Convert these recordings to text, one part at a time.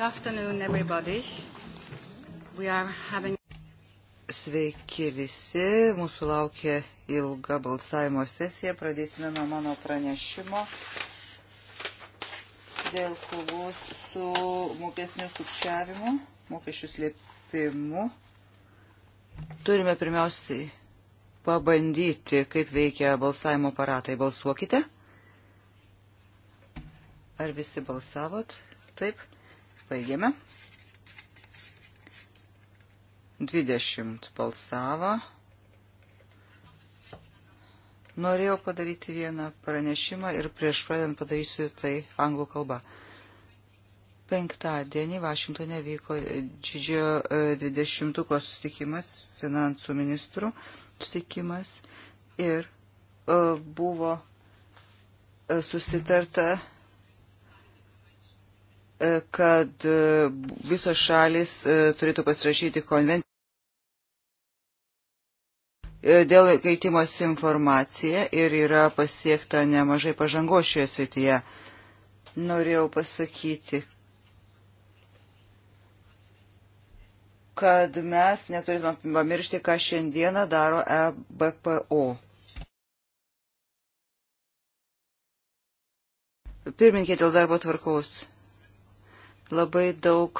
Good afternoon, everybody. We are having... Sveiki visi, mūsų laukia ilga balsavimo sesija. Pradėsime nuo mano pranešimo dėl kovos su mokesniu sukčiavimu, mokesčių slėpimu. Turime pirmiausiai pabandyti, kaip veikia balsavimo aparatai. Balsuokite. Ar visi balsavot? Taip. Baigiame. 20 balsavo. Norėjau padaryti vieną pranešimą ir prieš pradedant padarysiu tai anglų kalbą. Penktadienį Vašingtonė vyko didžiojo 20-ko e, susitikimas, finansų ministrų susitikimas ir e, buvo e, susitarta kad e, visos šalis e, turėtų pasirašyti konvenciją e, dėl keitimosi informacija ir yra pasiekta nemažai pažangos šioje srityje. Norėjau pasakyti, kad mes neturime pamiršti, ką šiandieną daro EBPO. Pirminkė dėl darbo tvarkos. Labai daug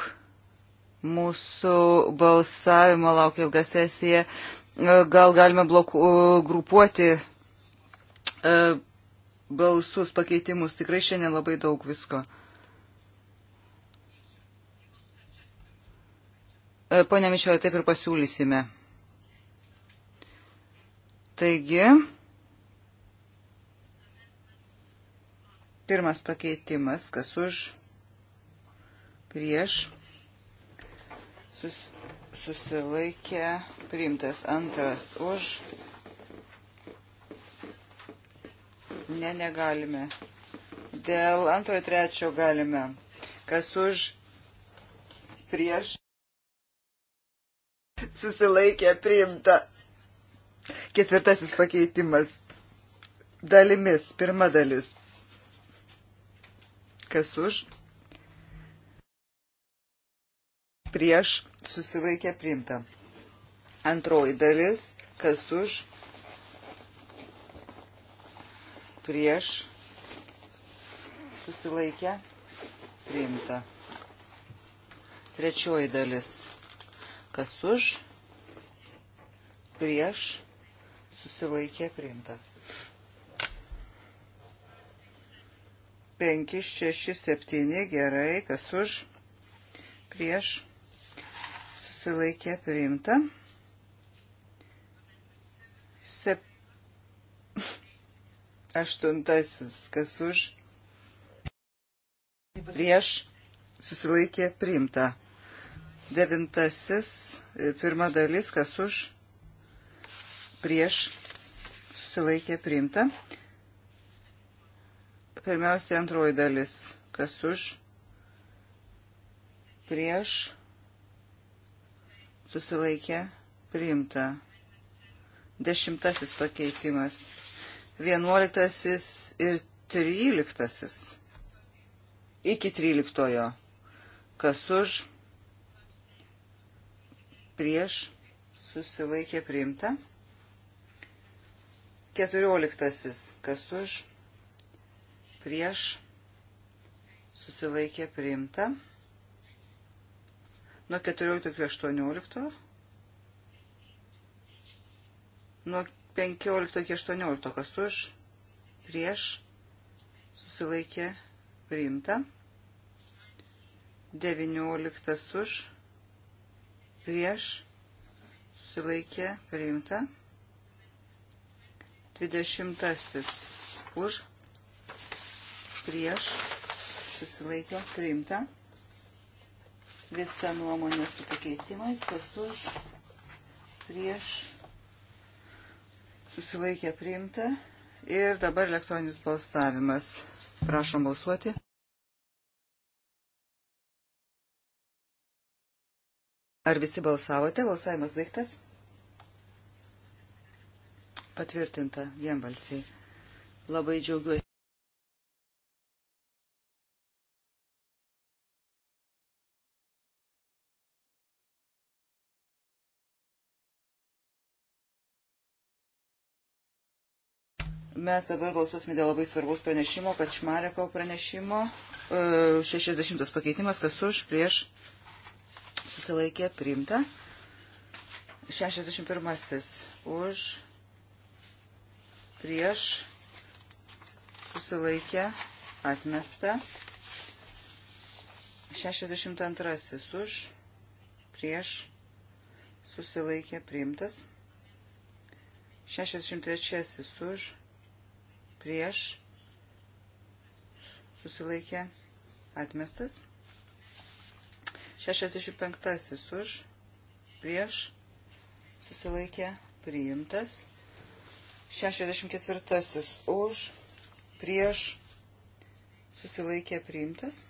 mūsų balsavimo laukia ilga sesija. E, gal galime bloku, e, grupuoti e, balsus pakeitimus. Tikrai šiandien labai daug visko. Pone Mičioje, taip ir pasiūlysime. Taigi, pirmas pakeitimas, kas už prieš sus, susilaikę priimtas antras už. Ne, negalime. Dėl antrojo trečio galime. Kas už prieš susilaikę priimta. Ketvirtasis pakeitimas. Dalimis. Pirma dalis. Kas už? prieš susilaikė priimta. Antroji dalis, kas už, prieš susilaikė priimta. Trečioji dalis, kas už, prieš susilaikė priimta. 5, 6, 7, gerai, kas už, prieš, susilaikė priimta. Sep... Aštuntasis, kas už prieš susilaikė priimta. Devintasis, pirma dalis, kas už prieš susilaikė priimta. Pirmiausia, antroji dalis, kas už prieš susilaikė priimta. Dešimtasis pakeitimas. Vienuoliktasis ir tryliktasis. Iki tryliktojo. Kas už prieš susilaikė priimta. Keturioliktasis. Kas už prieš susilaikė priimta nuo 14 iki 18, nuo 15 iki 18, kas už, prieš, susilaikė, priimta, 19 už, prieš, susilaikė, priimta, 20 už, prieš, susilaikė, priimta visą nuomonę su pakeitimais, kas už, prieš, susilaikė priimta. Ir dabar elektroninis balsavimas. Prašom balsuoti. Ar visi balsavote? Balsavimas baigtas. Patvirtinta vienbalsiai. Labai džiaugiuosi. Mes dabar balsuosime dėl labai svarbaus pranešimo, Kačmareko pranešimo. 60 e, pakeitimas, kas už, prieš, susilaikė, priimta. 61 už, prieš, susilaikė, atmesta. 62 už, prieš, susilaikė, priimtas. 63 už, prieš susilaikė atmestas. 65 už prieš susilaikė priimtas. 64 už prieš susilaikė priimtas.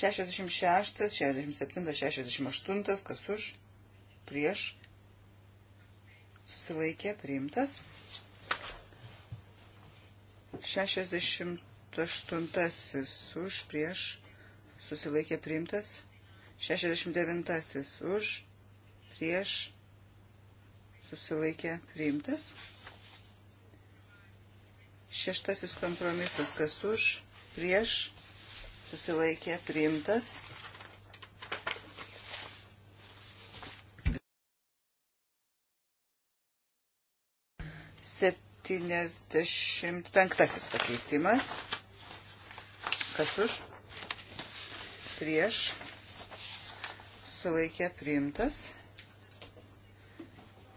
66, 67, 68, kas už, prieš, susilaikė priimtas. 68 už prieš susilaikė priimtas. 69 už prieš susilaikė priimtas. Šeštasis kompromisas, kas už prieš susilaikė priimtas. 75 pakeitimas. Kas už? Prieš. Sulaikė priimtas.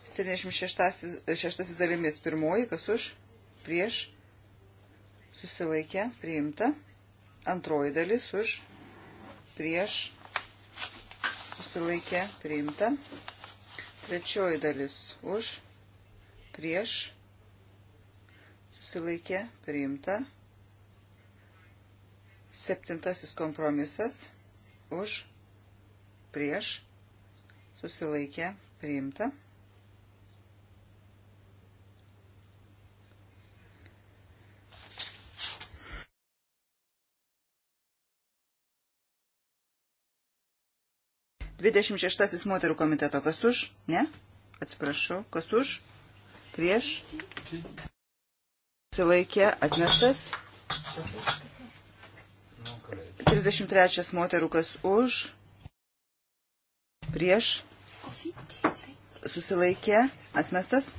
76 dalimis pirmoji. Kas už? Prieš. Susilaikė priimta. Antroji dalis už. Prieš. Susilaikė priimta. Trečioji dalis už. Prieš susilaikė, priimta. Septintasis kompromisas, už, prieš, susilaikė, priimta. Dvidešimt šeštasis moterų komiteto, kas už? Ne? Atsiprašau, kas už? Prieš? Silaikė atmestas. 33 moterų kas už. Prieš. Susilaikė atmestas.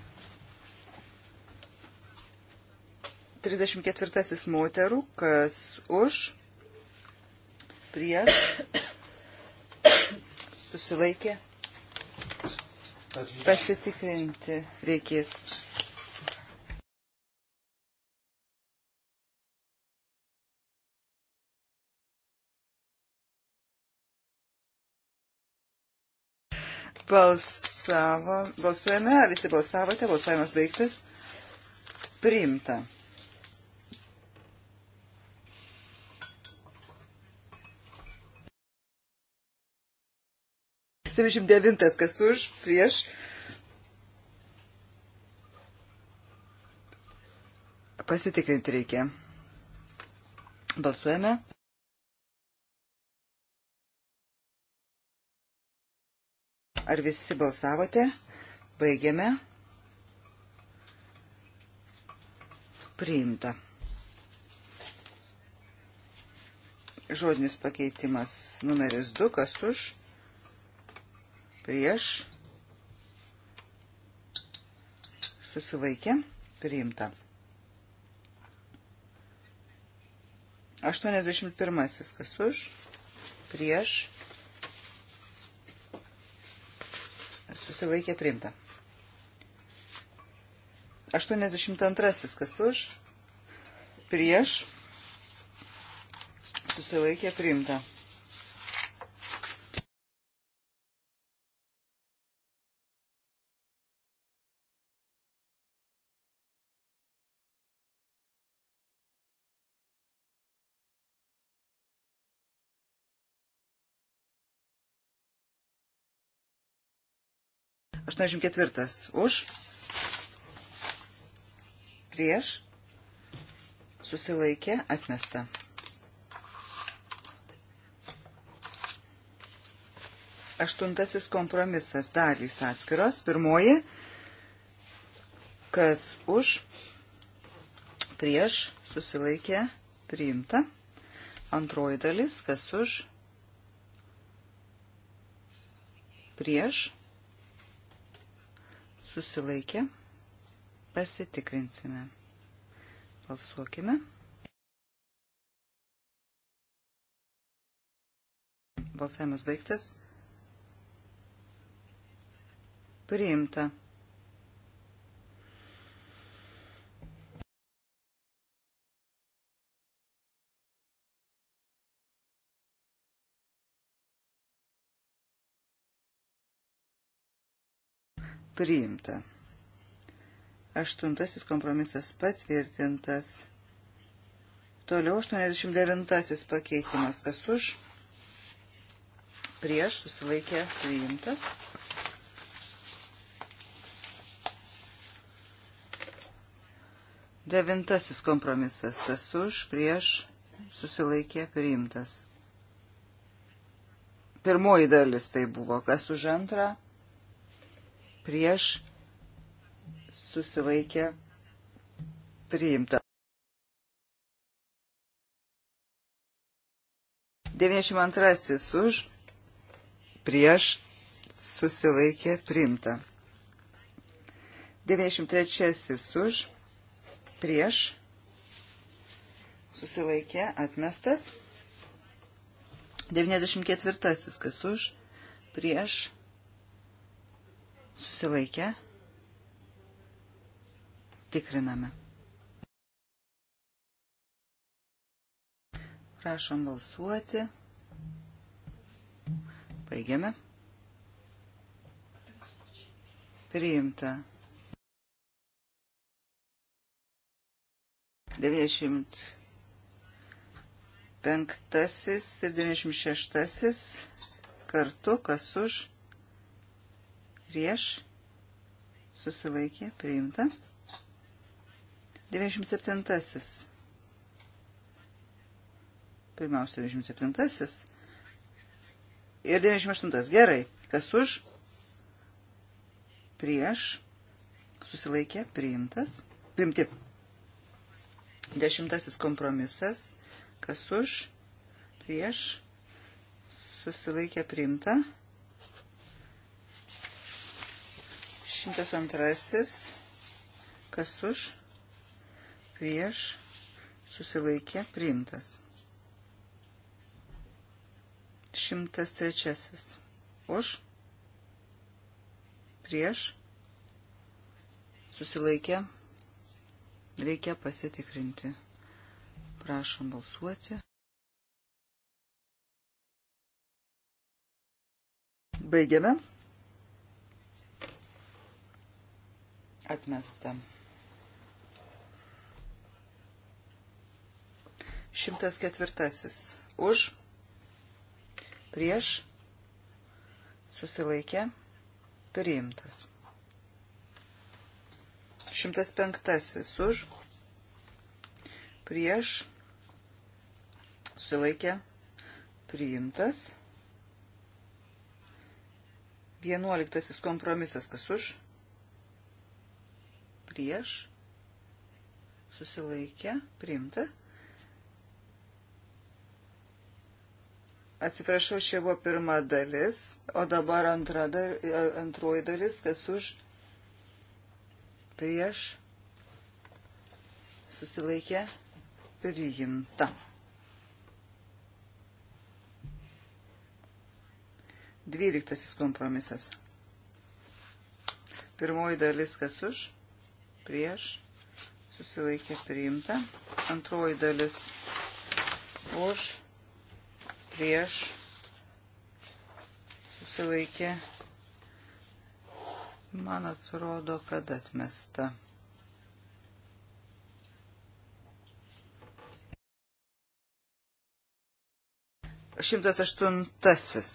34 moterų kas už. Prieš. Susilaikė. Pasitikrinti reikės. Balsavo, balsuojame, visi balsavote, balsavimas baigtas. Priimta. Septyniasdešimt devintas, kas už, prieš. Pasitikrinti reikia. Balsuojame. Ar visi balsavote? Baigiame. Priimta. Žodinis pakeitimas numeris 2, kas už, prieš, susilaikė, priimta. 81. Kas už? Prieš. susilaikė priimta. 82. Kas už? Prieš susilaikė priimta. 84 už, prieš, susilaikė, atmesta. Aštuntasis kompromisas dalys atskiros. Pirmoji, kas už, prieš, susilaikė, priimta. Antroji dalis, kas už, prieš, susilaikė susilaikė, pasitikrinsime. Balsuokime. Balsavimas baigtas. Priimta. priimta. Aštuntasis kompromisas patvirtintas. Toliau 89 pakeitimas. Kas už? Prieš susilaikė priimtas. Devintasis kompromisas. Kas už? Prieš susilaikė priimtas. Pirmoji dalis tai buvo. Kas už antrą? prieš susilaikę priimta. 92 už prieš susilaikė priimta. 93 už prieš susilaikė atmestas. 94 kas už prieš susilaikę, tikriname. Prašom balsuoti. Baigiame. Priimta. 95 ir 96 kartu, kas už prieš, susilaikė, priimta. 97. Pirmiausia, 97. Ir 98. Gerai. Kas už? Prieš. Susilaikė. Priimtas. Primti. Dešimtasis kompromisas. Kas už? Prieš. Susilaikė. Priimta. Priimta. 102. Kas už? Prieš susilaikė priimtas. 103. Už? Prieš susilaikė. Reikia pasitikrinti. Prašom balsuoti. Baigiame. Atmesta. 104. Už, prieš, susilaikė, priimtas. 105. Už, prieš, susilaikė, priimtas. 11. Kompromisas, kas už, prieš, susilaikę, priimta. Atsiprašau, čia buvo pirma dalis, o dabar antra, e, antroji dalis, kas už prieš susilaikė priimta. Dvyliktasis kompromisas. Pirmoji dalis, kas už prieš, susilaikė priimta. Antroji dalis už, prieš, susilaikė, man atrodo, kad atmesta. Šimtas aštuntasis.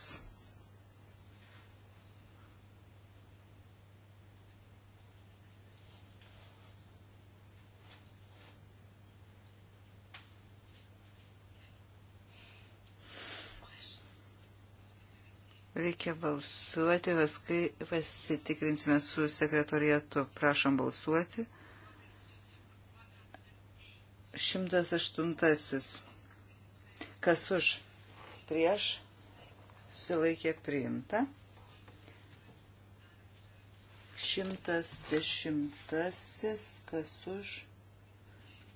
reikia balsuoti, paskui pasitikrinsime su sekretorietu. Prašom balsuoti. 108. Kas už? Prieš? Susilaikė priimta. 110. Kas už?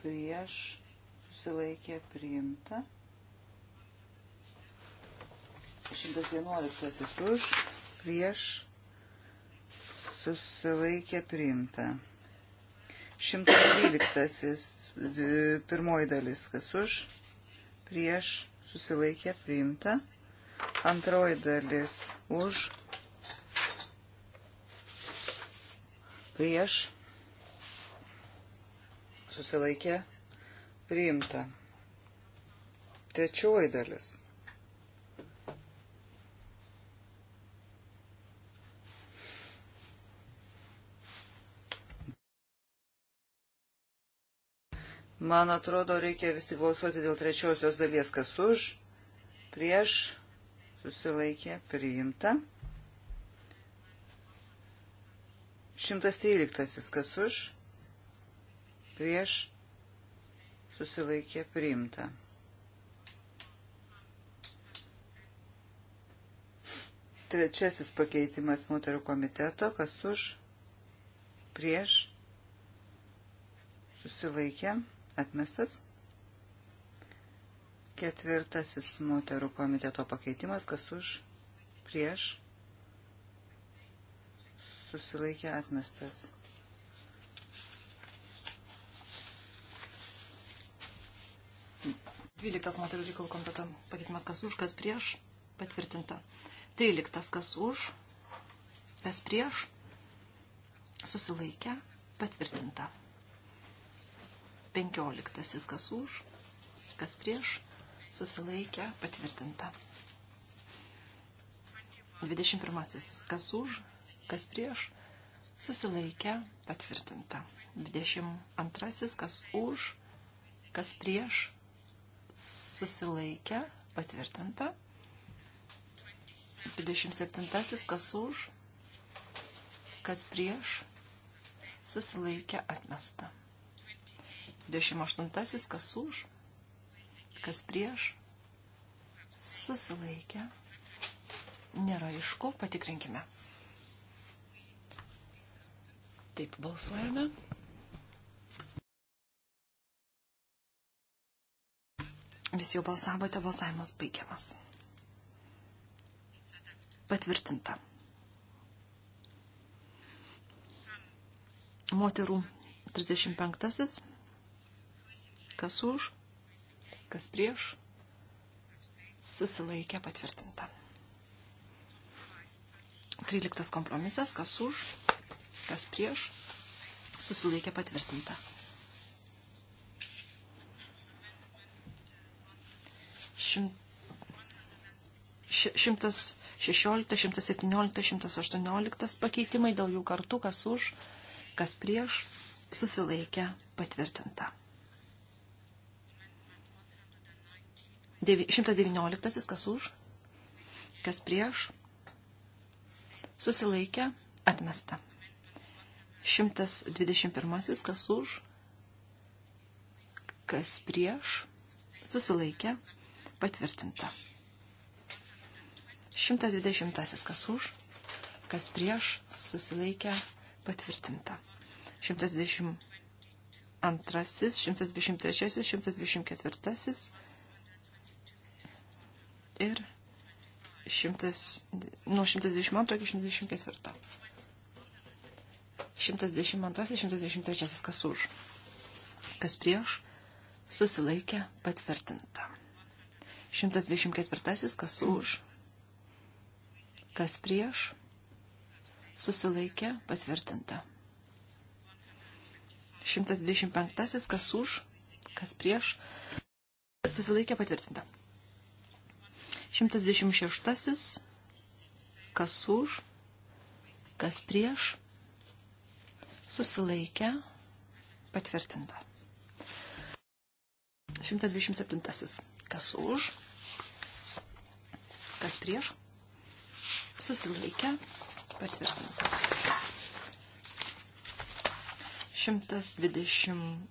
Prieš? Susilaikė priimta. 111. 111 už, prieš, susilaikė priimta. 112 pirmoji dalis, kas už, prieš, susilaikė priimta. Antroji dalis už, prieš, susilaikė priimta. Trečioji dalis Man atrodo, reikia vis tik balsuoti dėl trečiosios dalies, kas už, prieš, susilaikė, priimta. 113. kas už, prieš, susilaikė, priimta. Trečiasis pakeitimas moterų komiteto, kas už, prieš, susilaikė, priimta atmestas. Ketvirtasis moterų komiteto pakeitimas, kas už, prieš, susilaikė atmestas. Dvyliktas moterų reikalų komiteto pakeitimas, kas už, kas prieš, patvirtinta. Tryliktas, kas už, kas prieš, susilaikė, patvirtinta. 15. Kas už, kas prieš, susilaikė, patvirtinta. 21. Kas už, kas prieš, susilaikė, patvirtinta. 22. Kas už, kas prieš, susilaikė, patvirtinta. 27. Kas už, kas prieš, susilaikė, atmesta. 28. Kas už, kas prieš, susilaikė. Nėra aišku, patikrinkime. Taip balsuojame. Visi jau balsavote, balsavimas baigiamas. Patvirtinta. Moterų 35. Kas už, kas prieš, susilaikė patvirtinta. 13 kompromisas, kas už, kas prieš, susilaikė patvirtinta. Šimt 116, 117, 118 pakeitimai dėl jų kartų, kas už, kas prieš, susilaikė patvirtinta. 119. Kas už? Kas prieš? Susilaikė. Atmesta. 121. Kas už? Kas prieš? Susilaikė. Patvirtinta. 120. Kas už? Kas prieš? Susilaikė. Patvirtinta. 122, 123, 124 ir 100, nuo 122 iki 124. 112, 113, kas už, kas prieš, susilaikė patvirtinta. 124, kas už, kas prieš, susilaikė patvirtinta. 125, kas už, kas prieš, susilaikė patvirtinta. 126. Kas už, kas prieš, susilaikę, patvirtinta. 127. Kas už, kas prieš, susilaikę, patvirtinta. 128.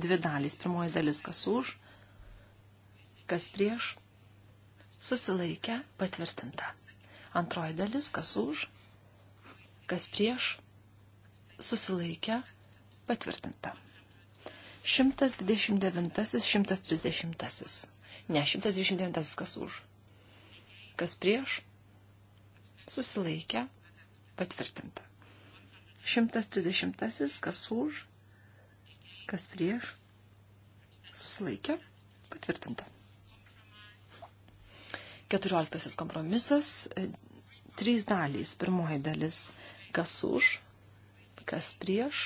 Dvi dalys. Pirmoji dalis kas už, kas prieš, susilaikę, patvirtinta. Antroji dalis, kas už, kas prieš, susilaikę, patvirtinta. 129, 130. Ne, 129 kas už. Kas prieš, susilaikę, patvirtinta. 130 kas už, kas prieš, susilaikę, patvirtinta. Keturioliktasis kompromisas. E, trys dalys. Pirmoji dalis - kas už, kas prieš,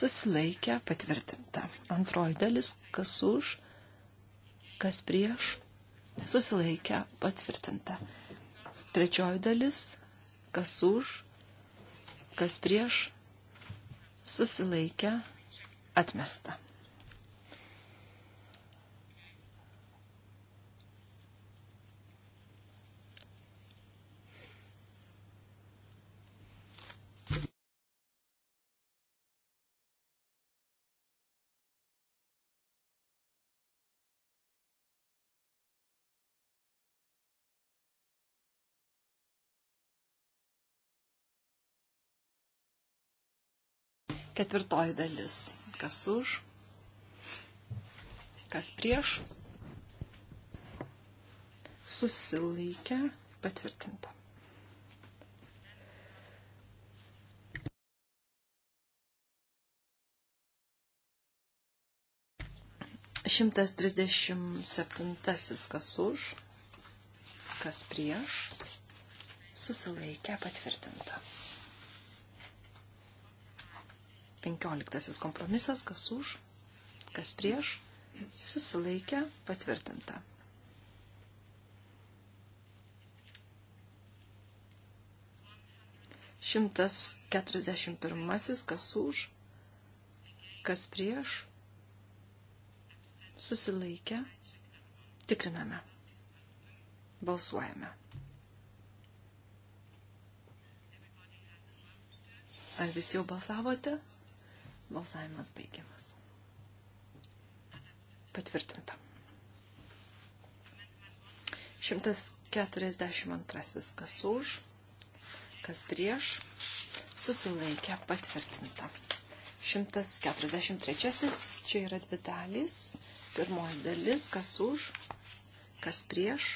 susilaikę patvirtinta. Antroji dalis - kas už, kas prieš, susilaikę patvirtinta. Trečioji dalis - kas už, kas prieš, susilaikę atmesta. Ketvirtoji dalis. Kas už? Kas prieš? Susilaikę patvirtinta. Šimtas trisdešimt septintasis kas už, kas prieš, susilaikę patvirtinta. 15 kompromisas, kas už, kas prieš, susilaikė, patvirtinta. Šimtas keturiasdešimt pirmasis, kas už, kas prieš, susilaikę, tikriname, balsuojame. Ar visi jau balsavote? Balsavimas baigiamas. Patvirtinta. 142. Kas už, kas prieš, susilaikė patvirtinta. 143. Čia yra dvi dalys. Pirmoji dalis, kas už, kas prieš,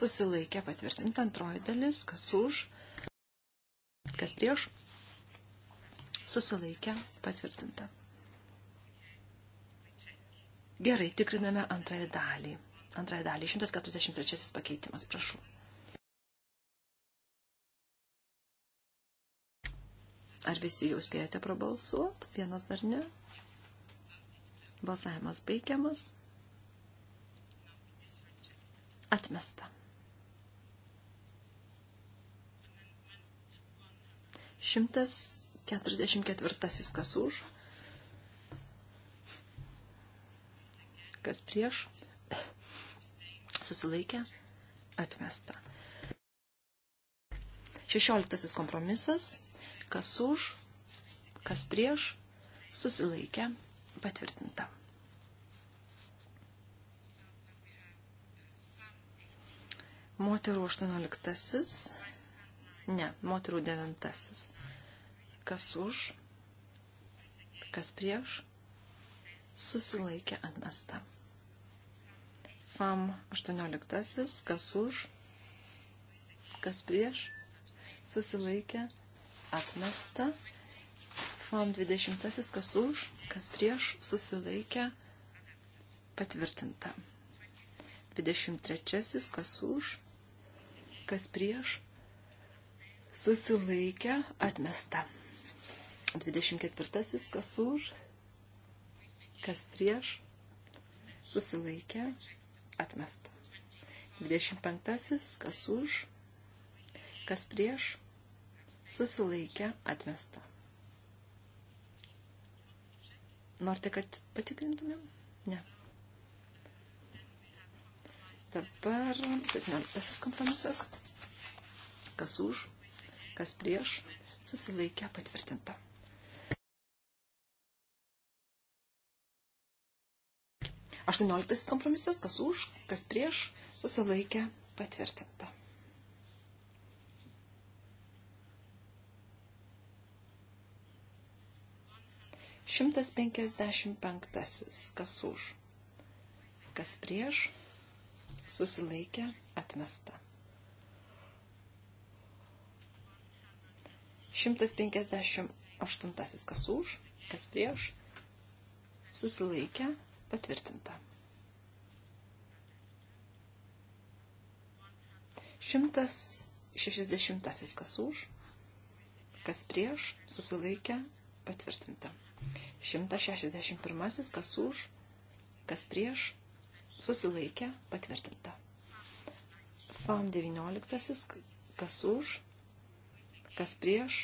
susilaikė patvirtinta. Antroji dalis, kas už, kas prieš, susilaikė patvirtinta. Gerai, tikriname antrąją dalį. Antrąją dalį, 143 pakeitimas, prašau. Ar visi jau spėjote prabalsuoti? Vienas dar ne. Balsavimas baigiamas. Atmesta. 100 44 kas už, kas prieš, susilaikė, atmesta. 16 kompromisas, kas už, kas prieš, susilaikė, patvirtinta. Moterų 18. Ne, moterų 9. Kas už, kas prieš, susilaikė atmesta. FAM 18, kas už, kas prieš, susilaikė atmesta. FAM 20, kas už, kas prieš, susilaikė patvirtinta. 23, kas už, kas prieš, susilaikė atmesta. 24. Kas už, kas prieš, susilaikė, atmesta. 25. Kas už, kas prieš, susilaikė, atmesta. Norite, kad patikrintumėm? Ne. Dabar 17 kompromisas. Kas už, kas prieš, susilaikė patvirtinta. 18 kompromisas, kas už, kas prieš, susilaikė patvirtinta. Šimtas penkiasdešimt penktasis, kas už, kas prieš, susilaikė atmesta. Šimtas penkiasdešimt aštuntasis, kas už, kas prieš, susilaikė atmesta Patvirtinta. 160 kas už, kas prieš, susilaikė, patvirtinta. 161 kas už, kas prieš, susilaikė, patvirtinta. FAM 19 kas už, kas prieš,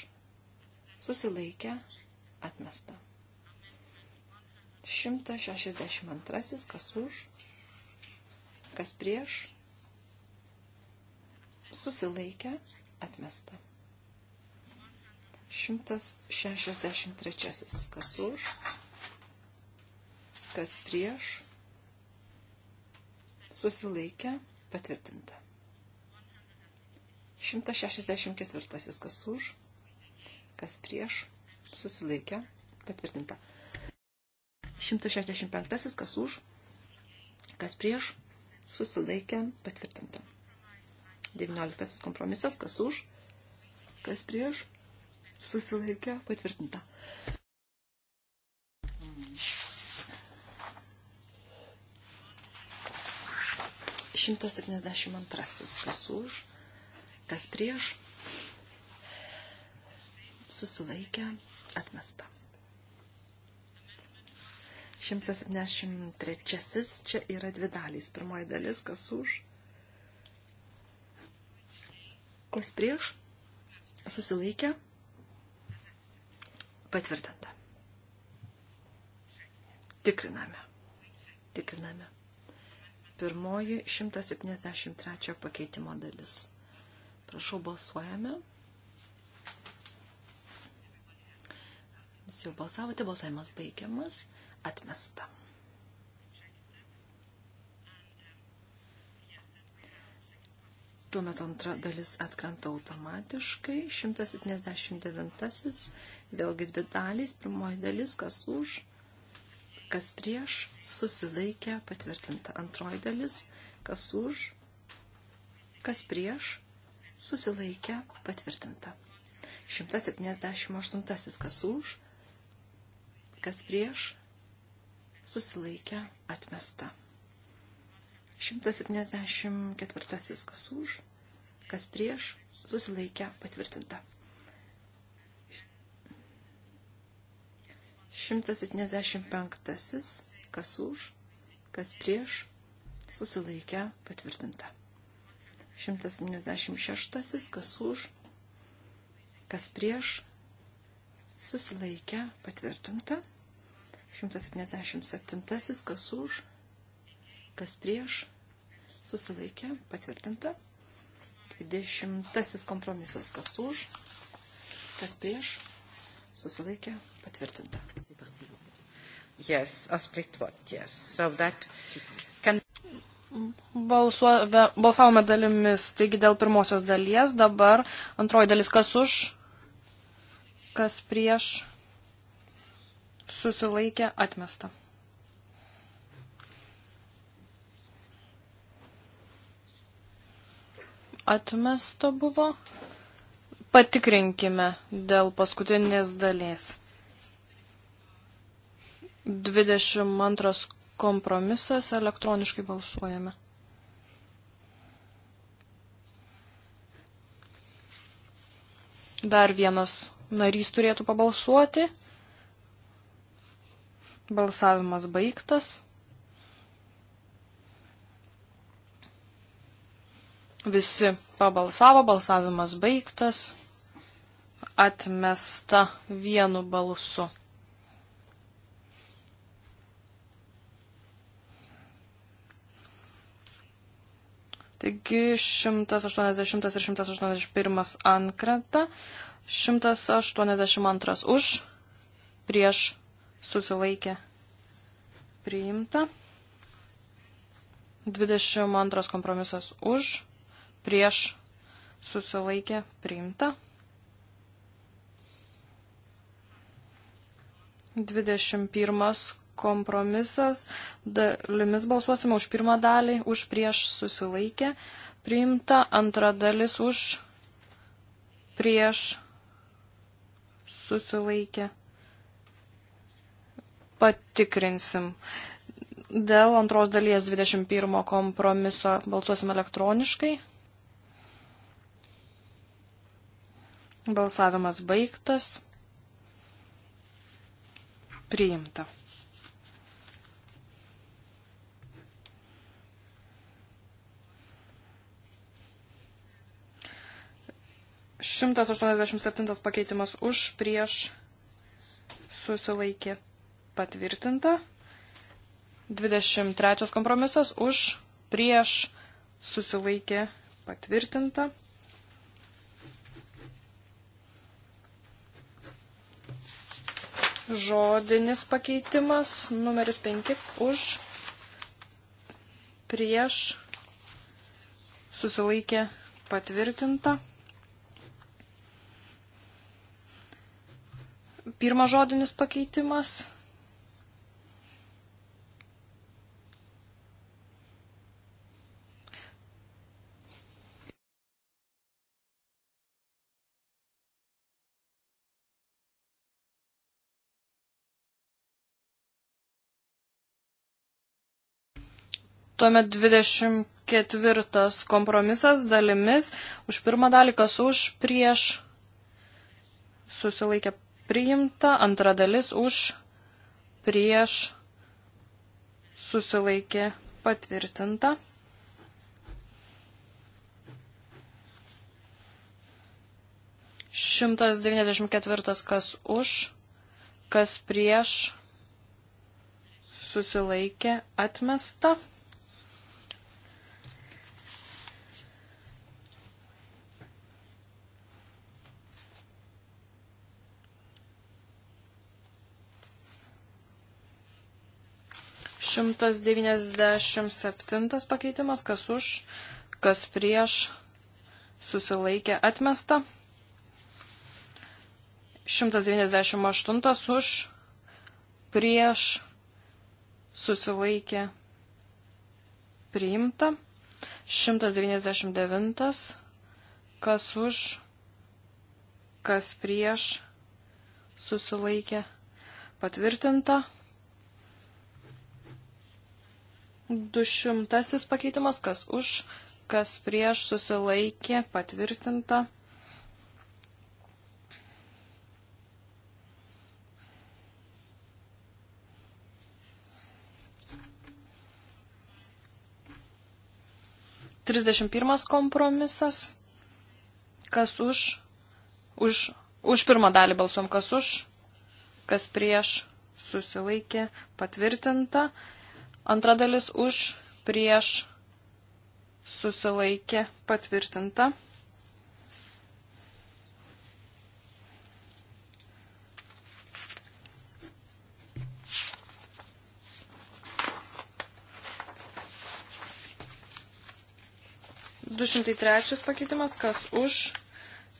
susilaikė, atmesta. 162, kas už, kas prieš, susilaikę, atmesta. 163, kas už, kas prieš, susilaikę, patvirtinta. 164, kas už, kas prieš, susilaikę, patvirtinta. 165. Kas už, kas prieš, susilaikė, patvirtinta. 19. Kompromisas. Kas už, kas prieš, susilaikė, patvirtinta. Šimtas septyniasdešimt antrasis. Kas už, kas prieš, susilaikė, atmesta. 173. Čia yra dvi dalys. Pirmoji dalis, kas už, kas prieš, susilaikė, patvirtinta. Tikriname. Tikriname. Pirmoji 173 pakeitimo dalis. Prašau, balsuojame. Jūs jau balsavote, balsavimas baigiamas atmesta. Tuomet antra dalis atkrenta automatiškai. 179. Vėlgi dvi dalys. Pirmoji dalis, kas už, kas prieš, susilaikė, patvirtinta. Antroji dalis, kas už, kas prieš, susilaikė, patvirtinta. 178. Kas už, kas prieš, susilaikė atmesta. 174 kas už, kas prieš, susilaikė patvirtinta. 175 kas už, kas prieš, susilaikė patvirtinta. 176 kas už, kas prieš, susilaikė patvirtinta. 177. Kas už, kas prieš, susilaikė, patvirtinta. 20. Kompromisas. Kas už, kas prieš, susilaikė, patvirtinta. Yes, a split vote, yes. So that can... Balsuove, balsavome dalimis, taigi dėl pirmosios dalies, dabar antroji dalis kas už, kas prieš, susilaikė atmesta. Atmesta buvo. Patikrinkime dėl paskutinės dalies. 22 kompromisas elektroniškai balsuojame. Dar vienas narys turėtų pabalsuoti. Balsavimas baigtas. Visi pabalsavo, balsavimas baigtas. Atmesta vienu balsu. Taigi 180 ir 181 ankrenta, 182 už, prieš susilaikė priimta. 22 kompromisas už, prieš susilaikė priimta. 21 kompromisas, dalimis balsuosime už pirmą dalį, už prieš susilaikė, priimta antra dalis už prieš susilaikė patikrinsim. Dėl antros dalies 21 kompromiso balsuosim elektroniškai. Balsavimas baigtas. Priimta. Šimtas aštuoniasdešimt septintas pakeitimas už prieš susilaikė patvirtinta. 23 kompromisas už, prieš, susilaikė, patvirtinta. Žodinis pakeitimas, numeris 5 už, prieš, susilaikė, patvirtinta. Pirmas žodinis pakeitimas Tuomet 24 kompromisas dalimis. Už pirmą dalį, kas už, prieš, susilaikė priimta. Antra dalis, už, prieš, susilaikė patvirtinta. Šimtas devyniasdešimt ketvirtas, kas už, kas prieš, susilaikė atmesta. 197 pakeitimas, kas už, kas prieš, susilaikė atmesta. 198 už, prieš, susilaikė priimta. 199 kas už, kas prieš, susilaikė patvirtinta. 200 pakeitimas, kas už, kas prieš susilaikė, patvirtinta. Trisdešimt pirmas kompromisas. Kas už? Už, už pirmą dalį balsuom. Kas už? Kas prieš? Susilaikė. Patvirtinta. Patvirtinta. Antra dalis už, prieš, susilaikė, patvirtinta. Du šimtai trečias pakeitimas, kas už,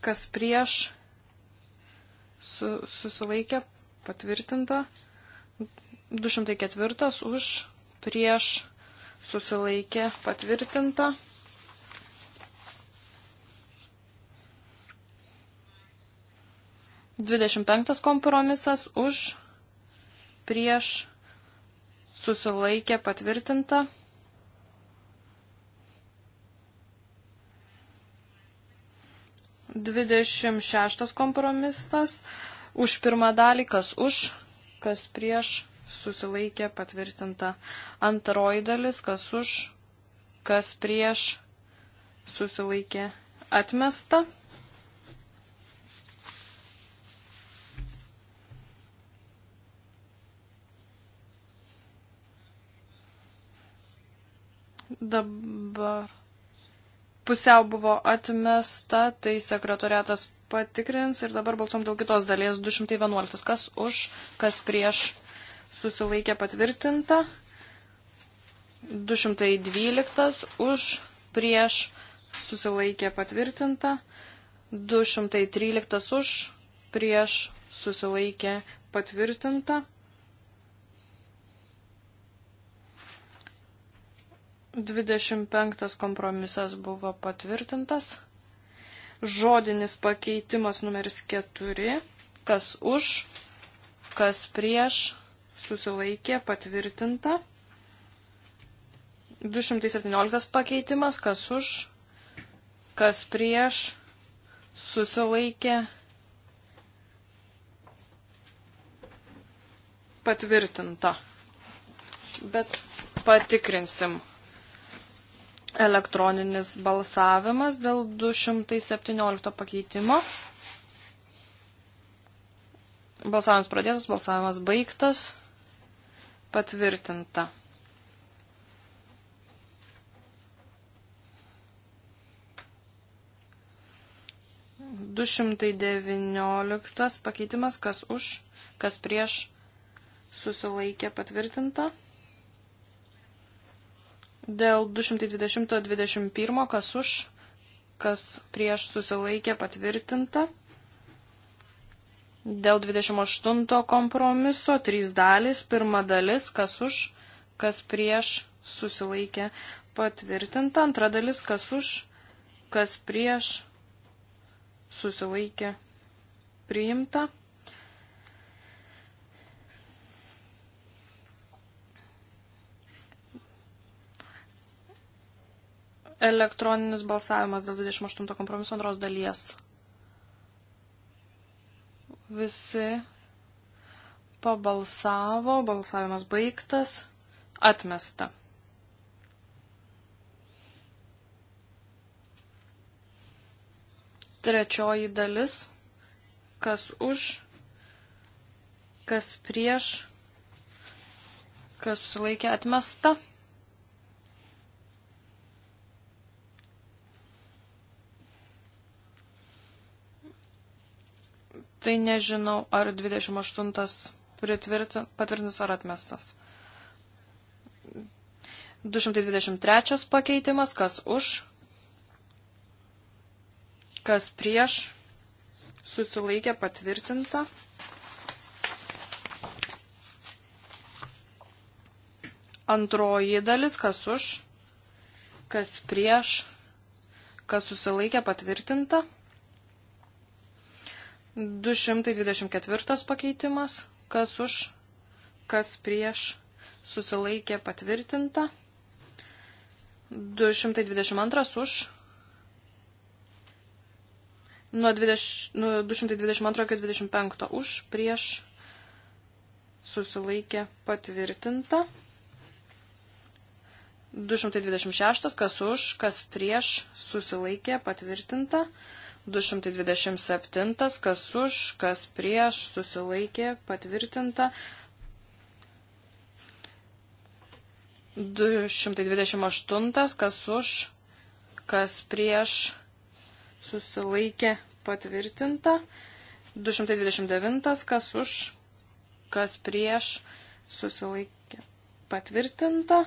kas prieš, su, susilaikė, patvirtinta. 204 už prieš susilaikė patvirtinta. Dvidešimt penktas kompromisas už prieš susilaikė patvirtinta. Dvidešimt šeštas kompromisas už pirmą dalį, kas už, kas prieš susilaikė patvirtinta. Antroji dalis, kas už, kas prieš, susilaikė atmesta. Dabar pusiau buvo atmesta, tai sekretoriatas patikrins ir dabar balsom dėl kitos dalies 211. Kas už, kas prieš susilaikė patvirtinta. 212 už, prieš, susilaikė patvirtinta. 213 už, prieš, susilaikė patvirtinta. 25 kompromisas buvo patvirtintas. Žodinis pakeitimas numeris 4. Kas už, kas prieš, susilaikė patvirtinta. 217 pakeitimas, kas už, kas prieš, susilaikė patvirtinta. Bet patikrinsim. Elektroninis balsavimas dėl 217 pakeitimo. Balsavimas pradėtas, balsavimas baigtas. Patvirtinta. Du šimtai devynioliktas pakeitimas, kas už, kas prieš susilaikė patvirtinta. Dėl 220-21, kas už, kas prieš susilaikė patvirtinta. Dėl 28 kompromiso trys dalys. Pirma dalis, kas už, kas prieš, susilaikė patvirtinta. Antra dalis, kas už, kas prieš, susilaikė priimta. Elektroninis balsavimas dėl 28 kompromiso antros dalies. Visi pabalsavo, balsavimas baigtas, atmesta. Trečioji dalis, kas už, kas prieš, kas sulaikė atmesta. tai nežinau, ar 28 patvirtins ar atmestas. 223 pakeitimas, kas už, kas prieš, susilaikė patvirtinta. Antroji dalis, kas už, kas prieš, kas susilaikė patvirtinta. 224 pakeitimas, kas už, kas prieš, susilaikė patvirtinta. 222 už. Nuo, 20, nuo 222 iki 25 už, prieš, susilaikė patvirtinta. 226, kas už, kas prieš, susilaikė patvirtinta. 227, kas už, kas prieš, susilaikė, patvirtinta. 228, kas už, kas prieš, susilaikė, patvirtinta. 229, kas už, kas prieš, susilaikė, patvirtinta.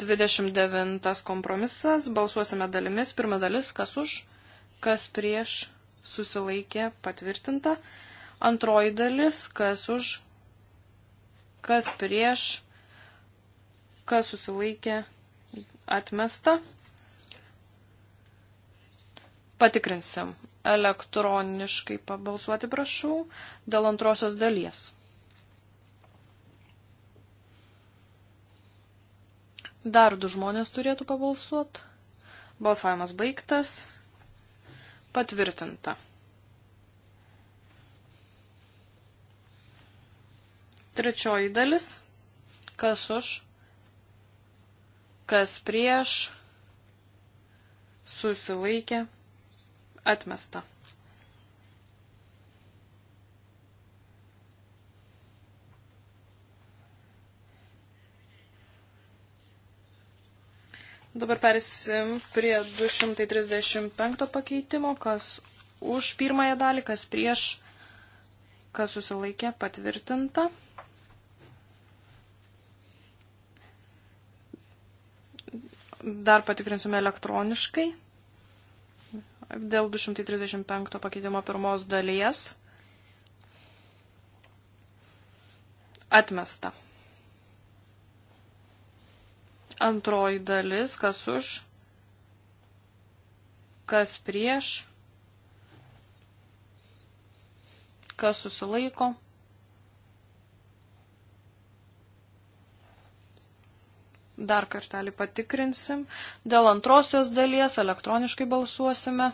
29 kompromisas, balsuosime dalimis, pirma dalis, kas už, kas prieš susilaikė patvirtinta. Antroji dalis, kas už, kas prieš, kas susilaikė atmesta. Patikrinsim. Elektroniškai pabalsuoti prašau dėl antrosios dalies. Dar du žmonės turėtų pabalsuoti. Balsavimas baigtas. Patvirtinta. Trečioji dalis. Kas už, kas prieš, susilaikė, atmesta. Dabar persim prie 235 pakeitimo, kas už pirmąją dalį, kas prieš, kas susilaikė patvirtinta. Dar patikrinsime elektroniškai dėl 235 pakeitimo pirmos dalies. Atmesta. Antroji dalis, kas už, kas prieš, kas susilaiko. Dar kartelį patikrinsim. Dėl antrosios dalies elektroniškai balsuosime.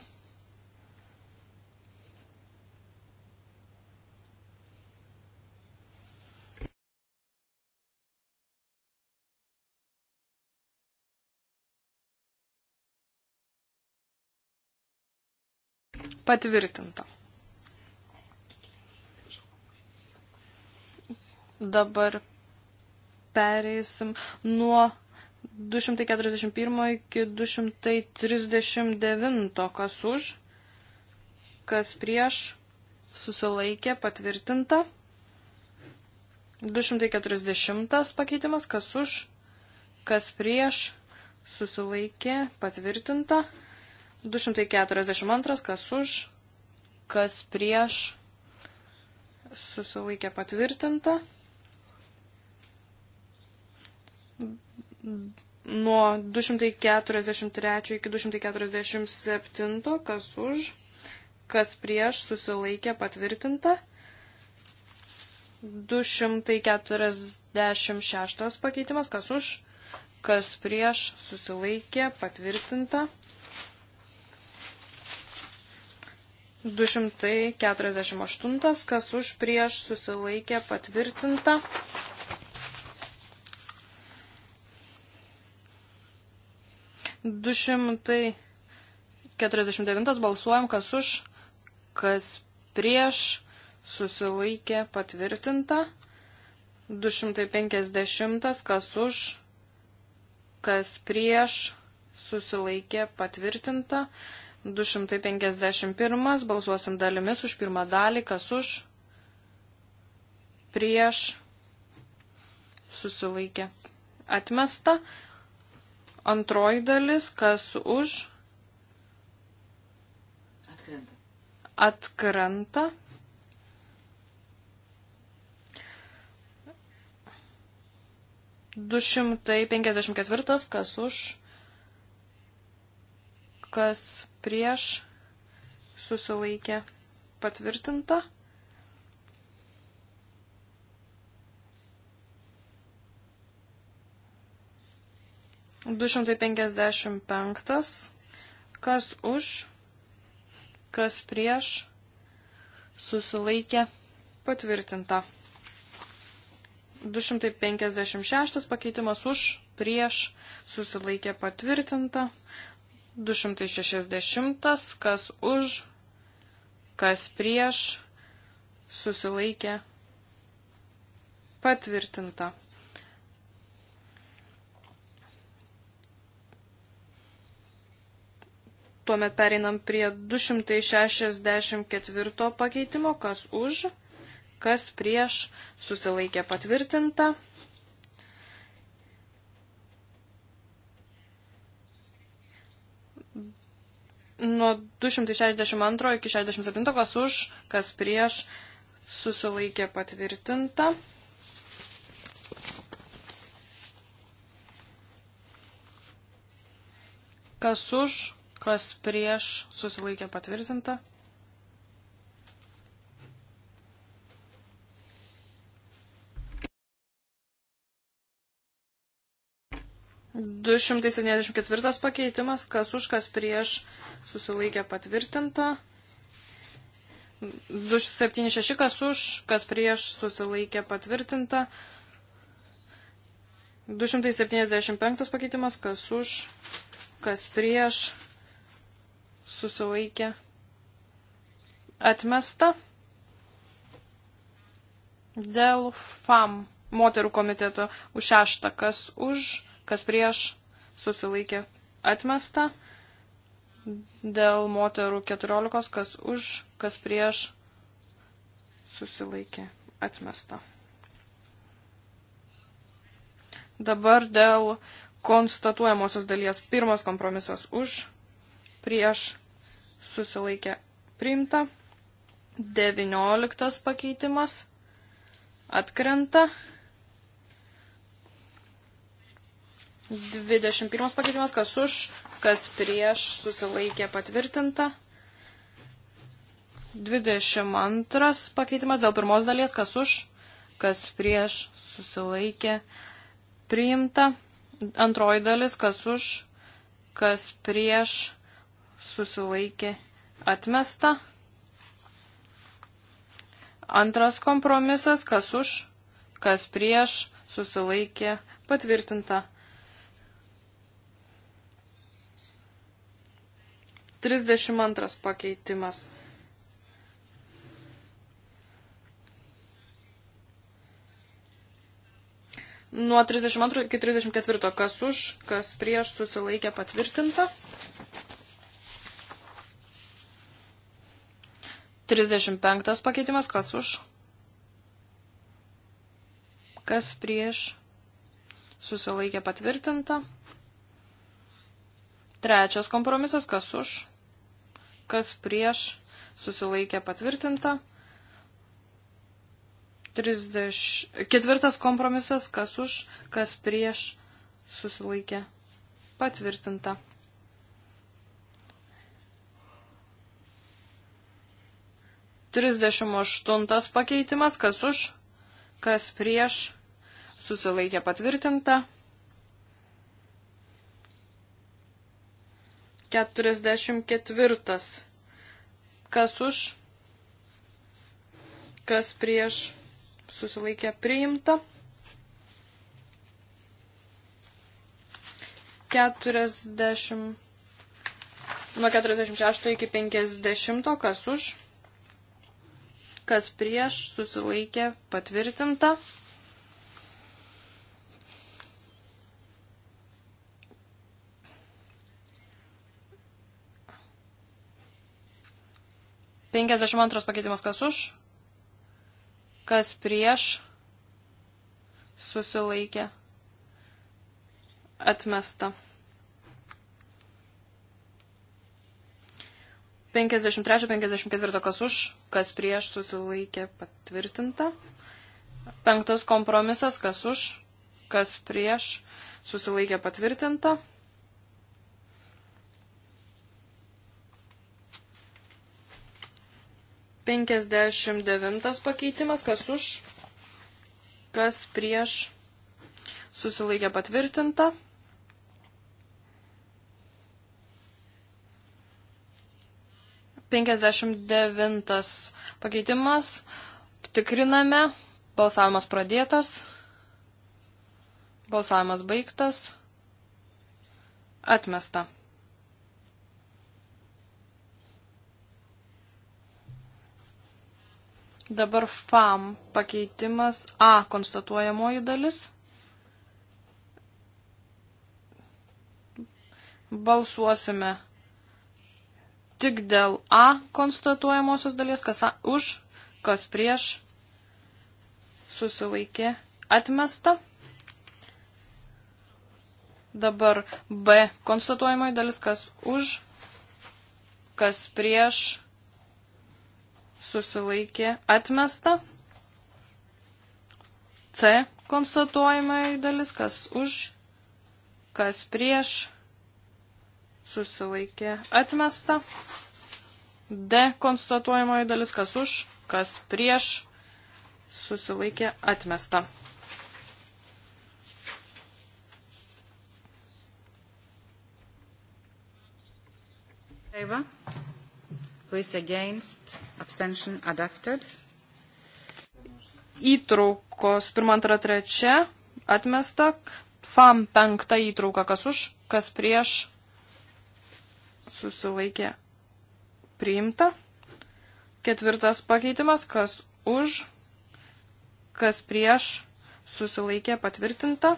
Patvirtinta. Dabar pereisim nuo 241 iki 239, kas už, kas prieš, susilaikė, patvirtinta. 240 pakeitimas, kas už, kas prieš, susilaikė, patvirtinta. 242, kas už, kas prieš, susilaikė patvirtinta. Nuo 243 iki 247, kas už, kas prieš, susilaikė patvirtinta. 246 pakeitimas, kas už, kas prieš, susilaikė patvirtinta. 248, kas už prieš susilaikė patvirtinta. Du šimtai keturiasdešimt devintas balsuojam, kas už, kas prieš susilaikė patvirtinta. Du šimtai penkiasdešimtas, kas už, kas prieš susilaikė patvirtinta. 251. Balsuosim dalimis už pirmą dalį. Kas už? Prieš. Susilaikė. Atmesta. Antroji dalis. Kas už? Atkrenta. Atkrenta. Du šimtai penkiasdešimt ketvirtas, kas už, kas prieš, susilaikė patvirtinta. Du šimtai penkiasdešimt penktas, kas už, kas prieš, susilaikė patvirtinta. 256 pakeitimas už, prieš, susilaikė patvirtinta. 260, kas už, kas prieš, susilaikė, patvirtinta. Tuomet pereinam prie 264 pakeitimo, kas už, kas prieš, susilaikė patvirtinta. Nuo 262 iki 67, kas už, kas prieš, susilaikė patvirtinta. Kas už, kas prieš, susilaikė patvirtinta. 274 pakeitimas, kas už, kas prieš susilaikė patvirtinta. 276 kas už, kas prieš susilaikė patvirtinta. 275 pakeitimas, kas už, kas prieš susilaikė atmesta. Dėl FAM moterų komiteto už šeštą, kas už kas prieš susilaikė atmesta. Dėl moterų 14, kas už, kas prieš susilaikė atmesta. Dabar dėl konstatuojamosios dalies pirmas kompromisas už, prieš susilaikė priimta, 19 pakeitimas atkrenta. 21 pakeitimas, kas už, kas prieš, susilaikė patvirtinta. 22 pakeitimas dėl pirmos dalies, kas už, kas prieš, susilaikė priimta. Antroji dalis, kas už, kas prieš, susilaikė atmesta. Antras kompromisas, kas už, kas prieš, susilaikė patvirtinta. 32 pakeitimas. Nuo 32 iki 34, kas už, kas prieš susilaikė patvirtinta. 35 pakeitimas, kas už, kas prieš susilaikė patvirtinta. Trečias kompromisas, kas už, kas prieš, susilaikė patvirtinta. Trisdeš... Ketvirtas kompromisas, kas už, kas prieš, susilaikė patvirtinta. Trisdešimt aštuntas pakeitimas, kas už, kas prieš, susilaikė patvirtinta. 44. Kas už, kas prieš susilaikė priimta. 40. Nuo 46 iki 50, kas už, kas prieš susilaikė patvirtinta. 52 pakeitimas kas už, kas prieš, susilaikė, atmesta. 53-54 kas už, kas prieš susilaikė patvirtinta. Penktas kompromisas, kas už, kas prieš susilaikė patvirtinta. 59 pakeitimas, kas už, kas prieš, susilaikė patvirtinta. Penkiasdešimt devintas pakeitimas. Tikriname. Balsavimas pradėtas. Balsavimas baigtas. Atmesta. Dabar FAM pakeitimas A konstatuojamoji dalis. Balsuosime tik dėl A konstatuojamosios dalies, kas A, už, kas prieš, susilaikė, atmesta. Dabar B konstatuojamoji dalis, kas už, kas prieš, susilaikė atmesta. C konstatuojamai dalis, kas už, kas prieš, susilaikė atmesta. D konstatuojamoji dalis, kas už, kas prieš, susilaikė atmesta. Eiva. Who is against? Abstention adopted. Įtraukos pirma, antra, trečia atmesta. FAM penkta įtrauka, kas už, kas prieš susilaikė priimta. Ketvirtas pakeitimas, kas už, kas prieš susilaikė patvirtinta.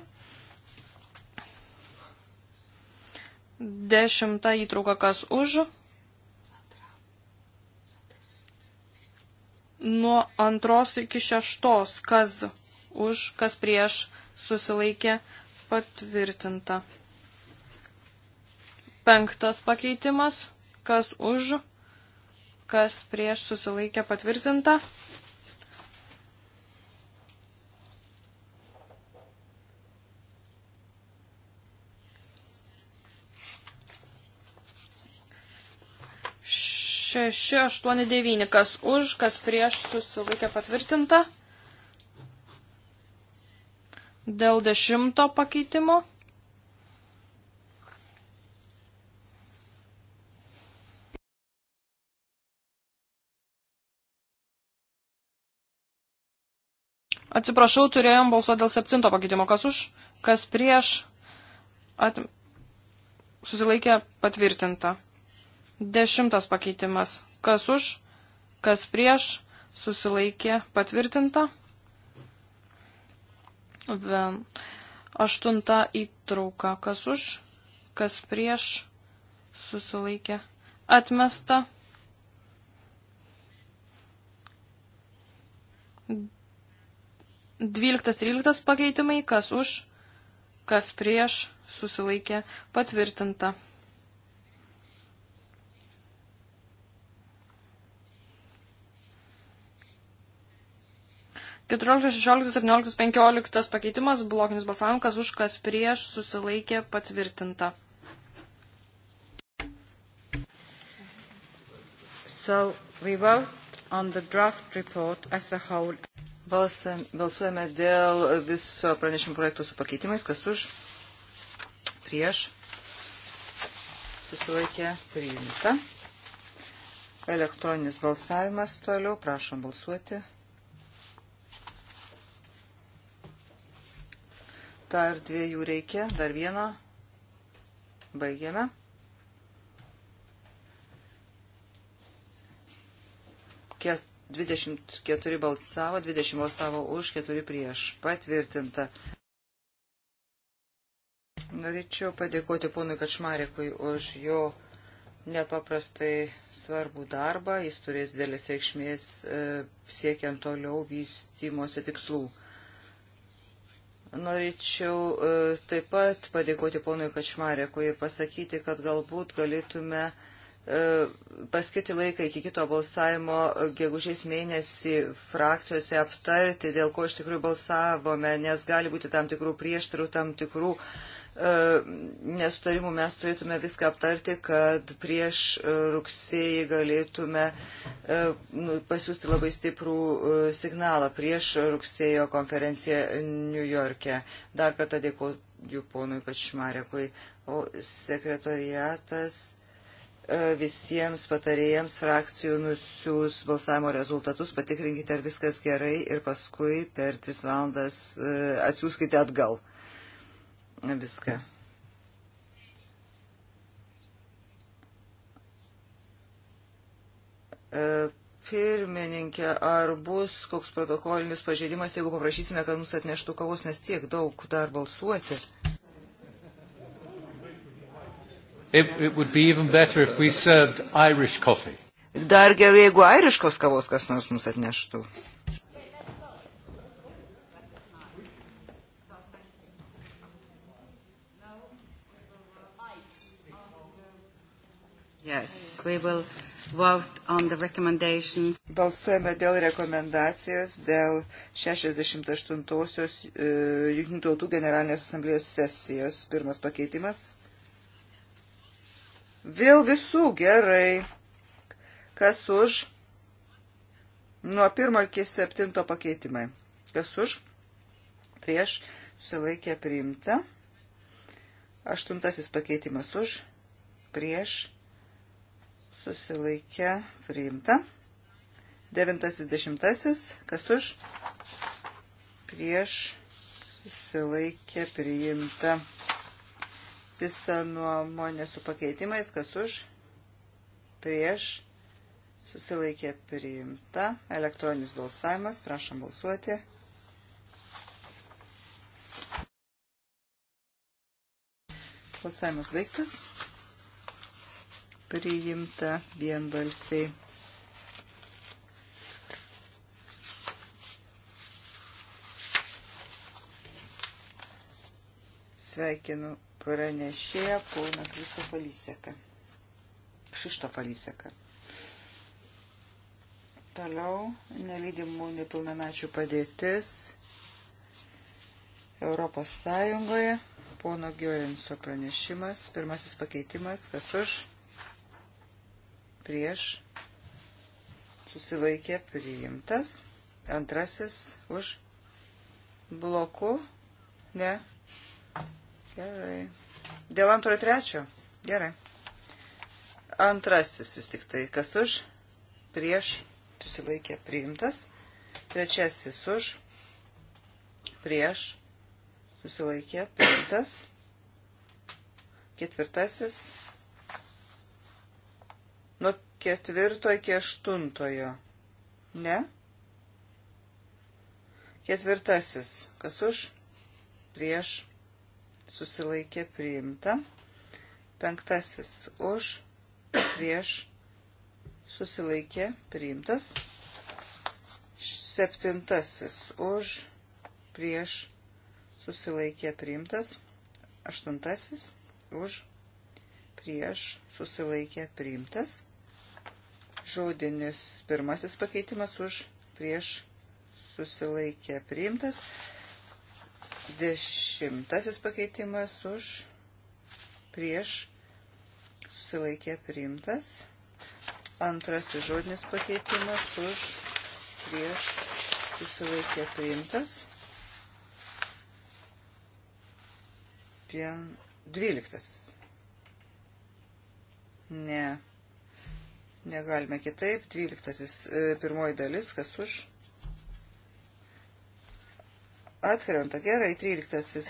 Dešimta įtrauka, kas už, nuo antros iki šeštos, kas už, kas prieš susilaikė patvirtinta. Penktas pakeitimas, kas už, kas prieš susilaikė patvirtinta. 689, kas už, kas prieš susilaikė patvirtinta. Dėl dešimto pakeitimo. Atsiprašau, turėjom balsuoti dėl septinto pakeitimo. Kas už, kas prieš, at... susilaikė patvirtinta. Dešimtas pakeitimas. Kas už, kas prieš, susilaikė patvirtinta. Vien. Aštunta įtrauka. Kas už, kas prieš, susilaikė atmesta. Dvyliktas, tryliktas pakeitimai. Kas už, kas prieš, susilaikė patvirtinta. 14, 16, 17, 15 pakeitimas, blokinis balsavimas, kas už, kas prieš, susilaikė patvirtinta. So we vote on the draft report as a whole. Balsam, balsuojame dėl viso pranešimo projekto su pakeitimais, kas už, prieš, susilaikė priimta. Elektroninis balsavimas toliau, prašom balsuoti. Dar dviejų reikia, dar vieno. Baigiame. Ket, 24 balsavo, 20 balsavo už, 4 prieš. Patvirtinta. Norėčiau padėkoti ponui Kačmarekui už jo nepaprastai svarbų darbą. Jis turės dėlės reikšmės e, siekiant toliau vystymosi tikslų. Norėčiau e, taip pat padėkoti ponui Kačmarekui ir pasakyti, kad galbūt galėtume e, paskirti laiką iki kito balsavimo gegužės mėnesį frakcijose aptarti, dėl ko iš tikrųjų balsavome, nes gali būti tam tikrų prieštarų, tam tikrų uh, E, nesutarimų mes turėtume viską aptarti, kad prieš rugsėjį galėtume e, nu, pasiūsti labai stiprų e, signalą prieš rugsėjo konferenciją New York'e. Dar kartą dėkoju ponui Kačmarekui. O sekretoriatas visiems patarėjams frakcijų nusiūs balsavimo rezultatus, patikrinkite, ar viskas gerai ir paskui per tris valandas atsiųskite atgal viską. E, pirmininkė, ar bus koks protokolinis pažeidimas, jeigu paprašysime, kad mums atneštų kavos, nes tiek daug dar balsuoti? It, it would be even better if we served Irish coffee. Dar gerai, jeigu airiškos kavos kas nors mums atneštų. Yes, we will vote on the recommendation. Balsuojame dėl rekomendacijos dėl 68-osios uh, e, Junktinių tautų generalinės asamblėjos sesijos. Pirmas pakeitimas. Vėl visų gerai. Kas už? Nuo pirmo iki septinto pakeitimai. Kas už? Prieš susilaikė priimta. Aštuntasis pakeitimas už. Prieš susilaikę priimta. Devintasis dešimtasis, kas už, prieš susilaikė priimta. Visa nuomonė su pakeitimais, kas už, prieš susilaikė priimta. Elektroninis balsavimas, prašom balsuoti. Balsavimas baigtas priimta vienbalsiai. Sveikinu pranešėją Pauną Kristofą Lyseką. Šištofą Lyseką. Toliau nelydimų nepilnamečių padėtis Europos Sąjungoje. Pono Giorinso pranešimas, pirmasis pakeitimas, kas už? prieš susilaikė priimtas. Antrasis už bloku. Ne. Gerai. Dėl antro ir trečio. Gerai. Antrasis vis tik tai. Kas už? Prieš susilaikė priimtas. Trečiasis už. Prieš susilaikė priimtas. Ketvirtasis ketvirto iki aštuntojo. Ne? Ketvirtasis. Kas už? Prieš. Susilaikė priimta. Penktasis. Už. Prieš. Susilaikė priimtas. Septintasis. Už. Prieš. Susilaikė priimtas. Aštuntasis. Už. Prieš. Susilaikė priimtas. Žodinis pirmasis pakeitimas už prieš susilaikę priimtas. Dešimtasis pakeitimas už prieš susilaikė priimtas. Antrasis žodinis pakeitimas už prieš susilaikė priimtas. Pien... Dvyliktasis. Ne. Negalime kitaip. Dvyliktasis e, pirmoji dalis, kas už. Atkrenta gerai, tryliktasis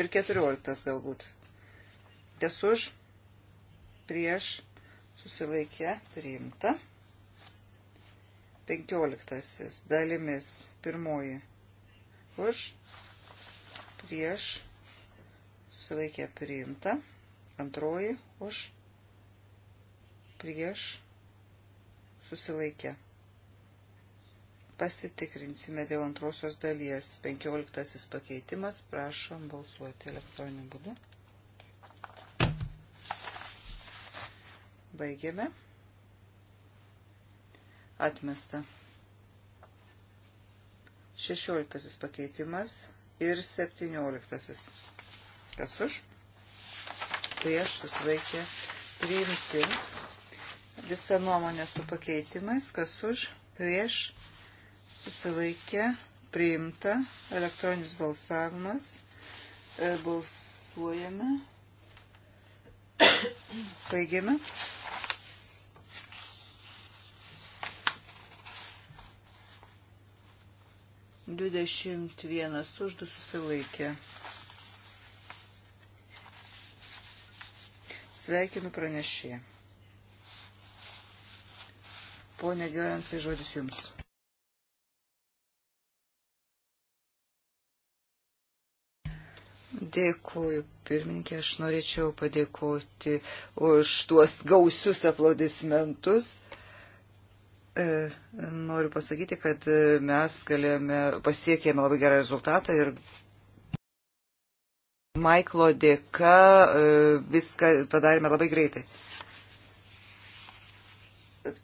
ir keturioliktas galbūt. Kas už, prieš, susilaikė, priimta. Penkioliktasis dalimis, pirmoji. Už, prieš, susilaikė, priimta. Antroji, už, prieš, susilaikė. Pasitikrinsime dėl antrosios dalies. 15 pakeitimas. Prašom balsuoti elektroniniu būdu. Baigiame. Atmesta. 16 pakeitimas ir 17. Kas už? Prieš susilaikė priimti Visa nuomonė su pakeitimais, kas už, prieš, susilaikė, priimta, elektroninis balsavimas, e, balsuojame, baigiame. Dvidešimt vienas už du susilaikė. Sveikinu pranešėją. Pone Gerensai, žodis jums. Dėkuoju, pirmininkė, aš norėčiau padėkoti už tuos gausius aplaudismentus. E, noriu pasakyti, kad mes galėjome, pasiekėme labai gerą rezultatą ir Maiklo dėka e, viską padarėme labai greitai.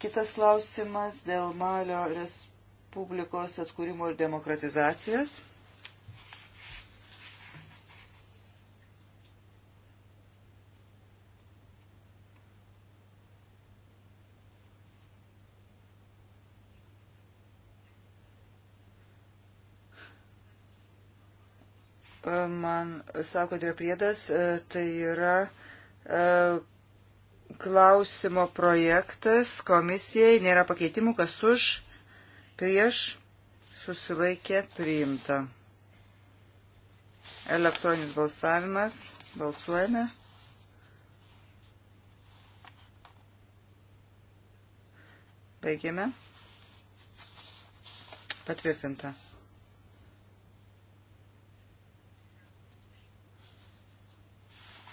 Kitas klausimas dėl Malio Respublikos atkūrimo ir demokratizacijos. man sako Drepriedas, e, tai yra e, klausimo projektas komisijai nėra pakeitimų, kas už, prieš, susilaikė, priimta. Elektroninis balsavimas. Balsuojame. Baigiame. Patvirtinta.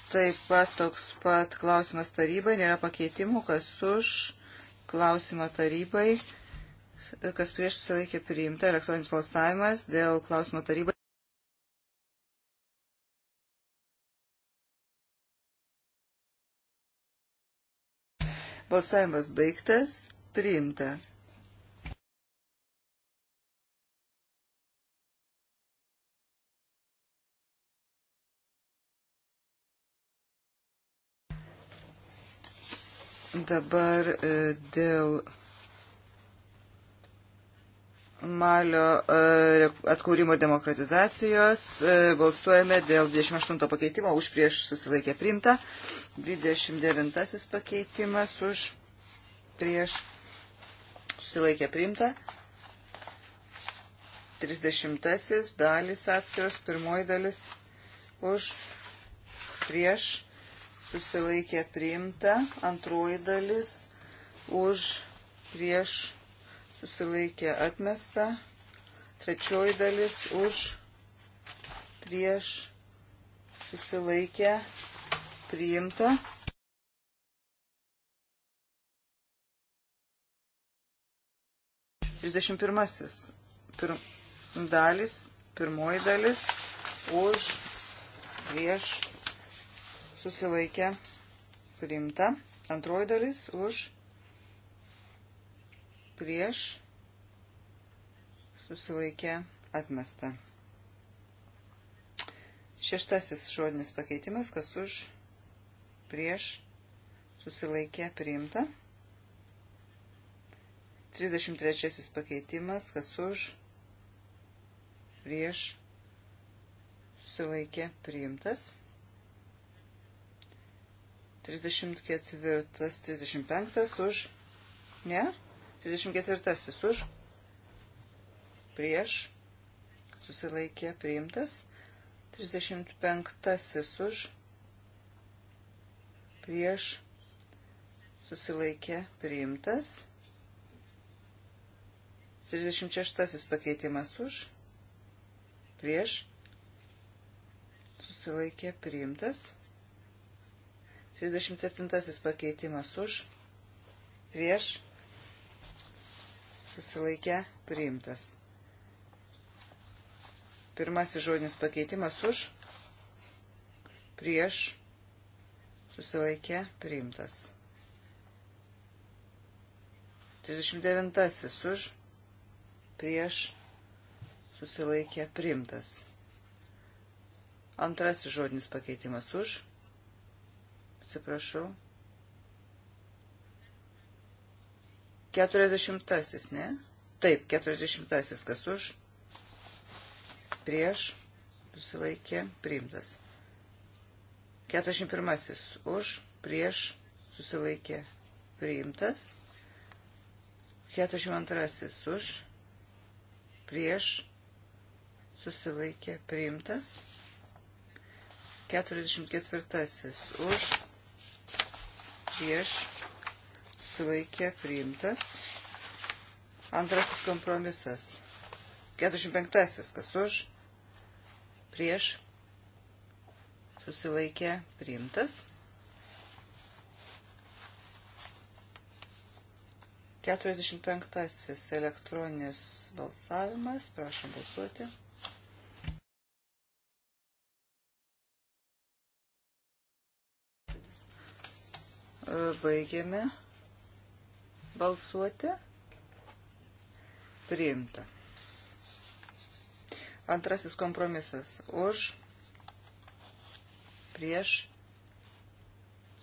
Taip pat toks pat klausimas tarybai, nėra pakeitimų, kas už klausimą tarybai, kas prieš susilaikė priimta, elektroninis balsavimas dėl klausimo tarybai. Balsavimas baigtas, priimta. Dabar e, dėl Malio e, atkūrimo demokratizacijos e, balsuojame dėl 28 pakeitimo už prieš susilaikę primtą, 29 pakeitimas už prieš susilaikę primtą, 30 dalis atskiros, pirmoji dalis už prieš susilaikė priimta, antroji dalis už prieš susilaikė atmesta, trečioji dalis už prieš susilaikė priimta. Trisdešimt pirmasis pir, dalis, pirmoji dalis už prieš susilaikė priimta. Antroji dalis už prieš susilaikė atmesta. Šeštasis žodinis pakeitimas, kas už prieš susilaikė priimta. 33 pakeitimas, kas už prieš susilaikė priimtas. 34, 35 už, ne, 34 už, prieš, susilaikė priimtas, 35 už, prieš, susilaikė priimtas, 36 pakeitimas už, prieš, susilaikė priimtas, 37 pakeitimas už, prieš, susilaikę, priimtas. Pirmasis žodinis pakeitimas už, prieš, susilaikę, priimtas. 39 už, prieš, susilaikė, priimtas. Antrasis žodinis pakeitimas už, atsiprašau. 40, ne? Taip, 40, kas už, prieš, susilaikė, priimtas. 41, už, prieš, susilaikė, priimtas. 42, už, prieš, susilaikė, priimtas. 44, už, prieš susilaikė priimtas. Antrasis kompromisas. 45. Kas už? Prieš susilaikė priimtas. 45. Elektroninis balsavimas. Prašom balsuoti. Baigėme balsuoti. Priimta. Antrasis kompromisas. Už, prieš,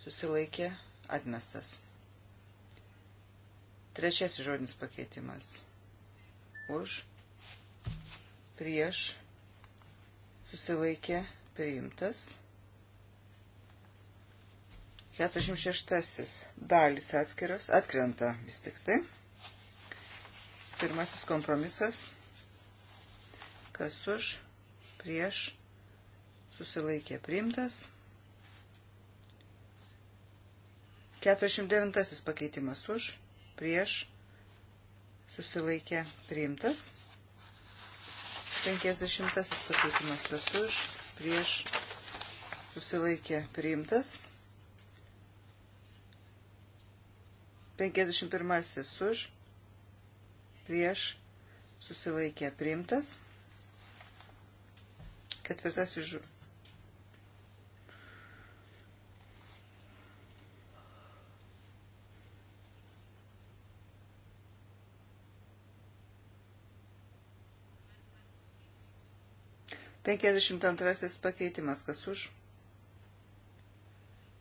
susilaikė, atmestas. Trečiasis žodinis pakeitimas. Už, prieš, susilaikė, priimtas. Priimtas. 46 dalis atskiros atkrenta vis tik tai. Pirmasis kompromisas, kas už, prieš, susilaikė priimtas. 49 pakeitimas už, prieš, susilaikė priimtas. 50 pakeitimas kas už, prieš, susilaikė priimtas. 51 už, prieš, susilaikė priimtas. Ketvirtasis žu. Penkiasdešimt antrasis pakeitimas, kas už,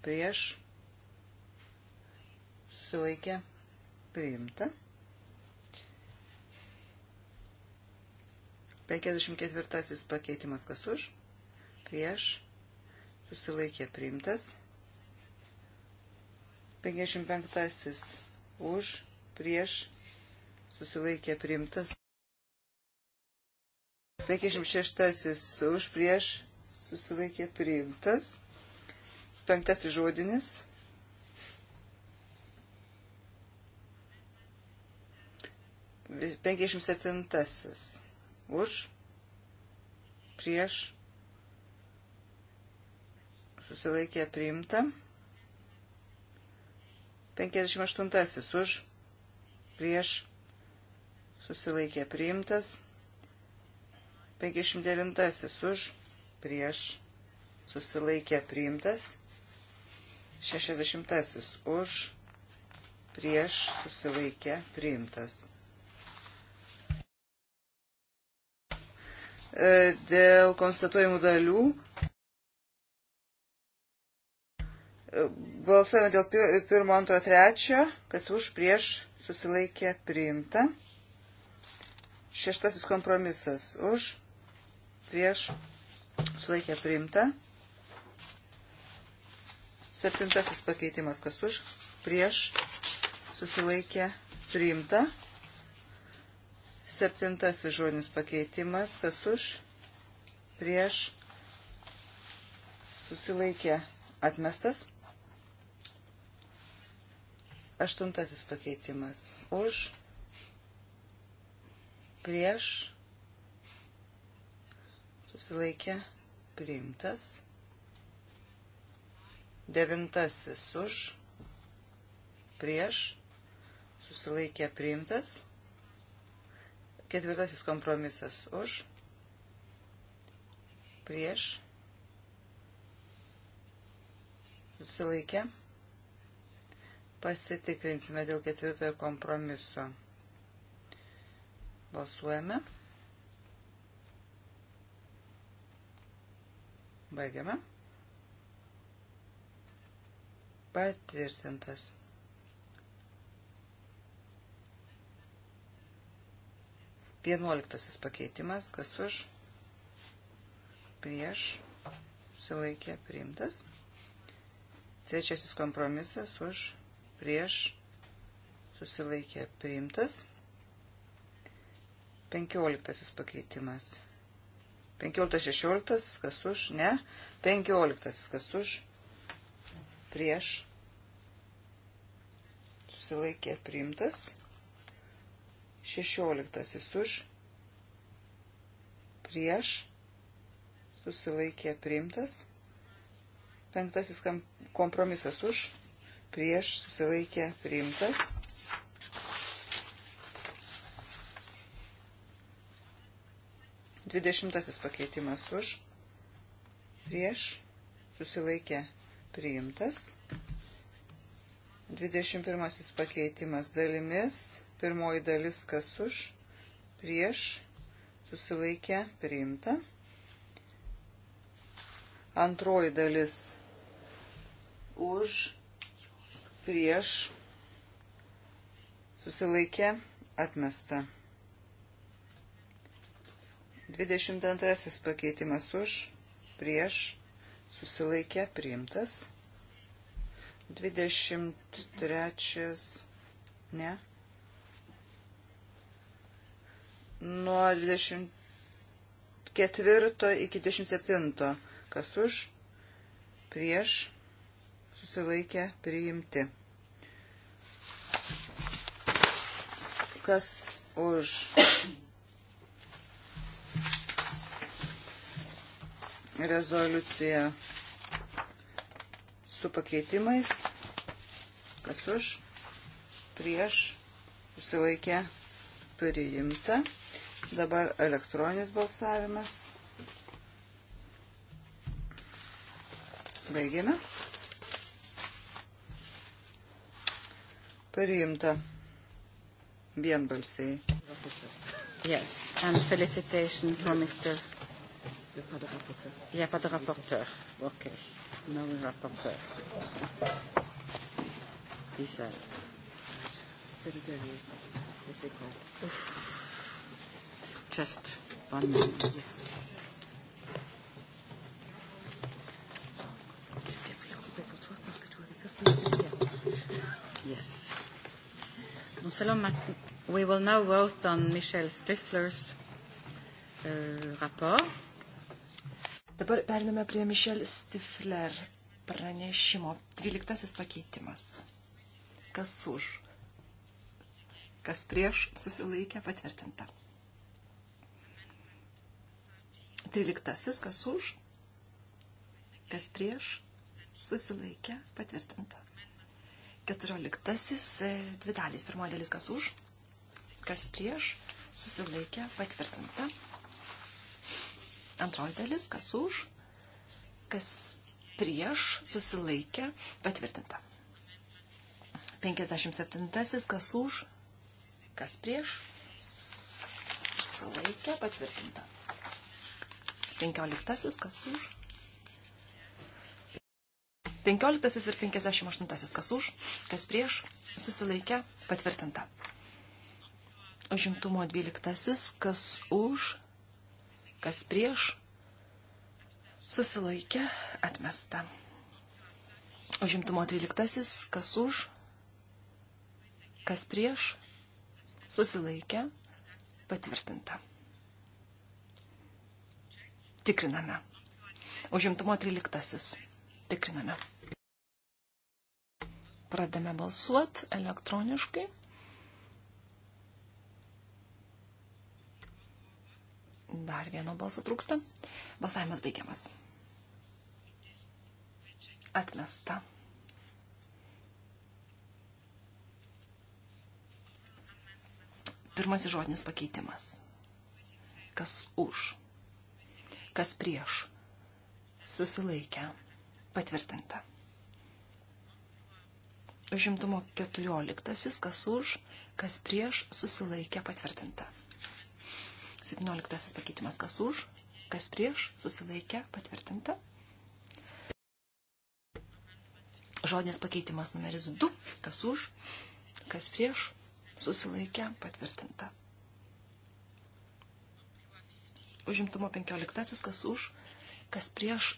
prieš, susilaikė priimta. 54 pakeitimas kas už, prieš susilaikė priimtas. 55 už, prieš susilaikė priimtas. 56 už, prieš susilaikė priimtas. Penktasis žodinis 57. Už, prieš, susilaikė priimta. 58. Už, prieš, susilaikė priimtas. 59. Už, prieš, susilaikė priimtas. 60. Už, prieš, susilaikė priimtas. E, dėl konstatuojamų dalių. E, balsuojame dėl pirmo, antro, trečio, kas už prieš susilaikė priimta. Šeštasis kompromisas už prieš susilaikė priimta. Septintasis pakeitimas kas už prieš susilaikė priimta. Septintasis žodinis pakeitimas, kas už, prieš, susilaikė, atmestas. Aštuntasis pakeitimas, už, prieš, susilaikė, priimtas. Devintasis už, prieš, susilaikė, priimtas. Ketvirtasis kompromisas už, prieš, susilaikę. Pasitikrinsime dėl ketvirtojo kompromiso. Balsuojame. Baigiame. Patvirtintas. Vienuoliktasis pakeitimas, kas už, prieš, susilaikė, priimtas. Trečiasis kompromisas už, prieš, susilaikė, priimtas. Penkioliktasis pakeitimas. Penkioliktas, šešioliktas, kas už, ne. Penkioliktas, kas už, prieš, susilaikė, priimtas. Šešioliktasis už, prieš, susilaikė priimtas. Penktasis kompromisas už, prieš, susilaikė priimtas. Dvidešimtasis pakeitimas už, prieš, susilaikė priimtas. 21 pakeitimas dalimis. Pirmoji dalis kas už, prieš, susilaikę, priimta. Antroji dalis už, prieš, susilaikę, atmesta. 22 pakeitimas už, prieš, susilaikę, priimtas. 23 ne nuo 24 iki 27. Kas už, prieš, susilaikę, priimti. Kas už rezoliuciją su pakeitimais, kas už, prieš, susilaikę, priimta. Dabar elektroninis balsavimas. Baigėme. Priimta. Vienbalsiai. Yes, and felicitation for Mr. Il n'y a pas de rapporteur. Il n'y a pas de rapporteur. OK. No rapporteur. Isa. C'est le dernier. Et c'est quoi Ouf. Just one minute, yes. Yes. We will now vote on Michel Strifler's uh, rapport. Dabar periname prie Michel Stifler pranešimo. 12 pakeitimas. Kas už? Kas prieš? Susilaikė patvirtinta. Tryliktasis, kas už, kas prieš, susilaikė, patvirtinta. Keturioliktasis, e, dvi dalys, pirmoji dalis, kas už, kas prieš, susilaikė, patvirtinta. Antroji dalis, kas už, kas prieš, susilaikė, patvirtinta. 57. Kas už, kas prieš, sulaikė, patvirtinta. 15. Kas už? 15 ir 58. Kas už? Kas prieš? Susilaikė. Patvirtinta. Užimtumo 12. Kas už? Kas prieš? Susilaikė. Atmesta. Užimtumo 13. Kas už? Kas prieš? Susilaikė. Patvirtinta. Tikriname. Užimtumo 13. Tikriname. Pradame balsuoti elektroniškai. Dar vieno balso trūksta. Balsavimas baigiamas. Atmesta. Pirmasis žodinis pakeitimas. Kas už? kas prieš. Susilaikę. Patvirtinta. Žimtumo 14. Kas už, kas prieš, susilaikė patvirtinta. 17. Pakeitimas. Kas už, kas prieš, susilaikė patvirtinta. Žodinės pakeitimas numeris 2. Kas už, kas prieš, susilaikė patvirtinta užimtumo 15, kas už, kas prieš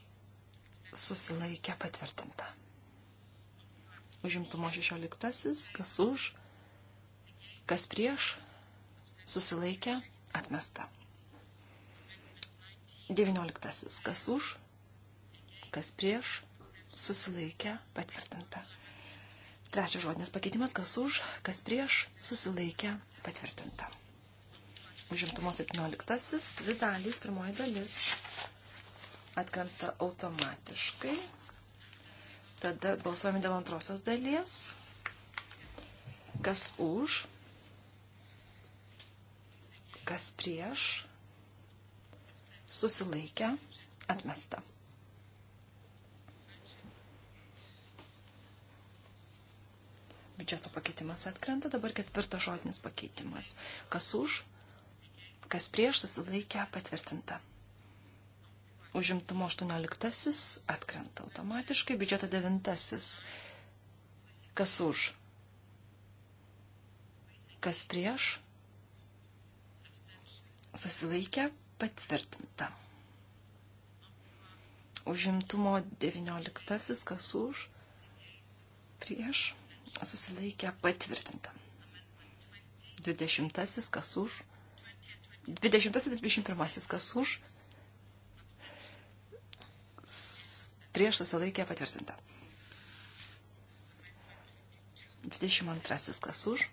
susilaikė patvirtinta. Užimtumo 16, kas už, kas prieš susilaikė atmesta. 19, kas už, kas prieš susilaikė patvirtinta. Trečias žodinis pakeitimas, kas už, kas prieš susilaikė patvirtinta. Užimtumo 17. Dvi dalys, pirmoji dalis atkrenta automatiškai. Tada balsuojame dėl antrosios dalies. Kas už, kas prieš, susilaikę, atmesta. Biudžeto pakeitimas atkrenta, dabar ketvirtas žodinis pakeitimas. Kas už, kas prieš susilaikę patvirtinta. Užimtumo 18 atkrenta automatiškai, biudžeto 9 kas už, kas prieš susilaikę patvirtinta. Užimtumo 19 kas už, prieš susilaikę patvirtinta. 20 kas už, 20-21 kas už, prieš susilaikė patvirtinta. 22 kas už,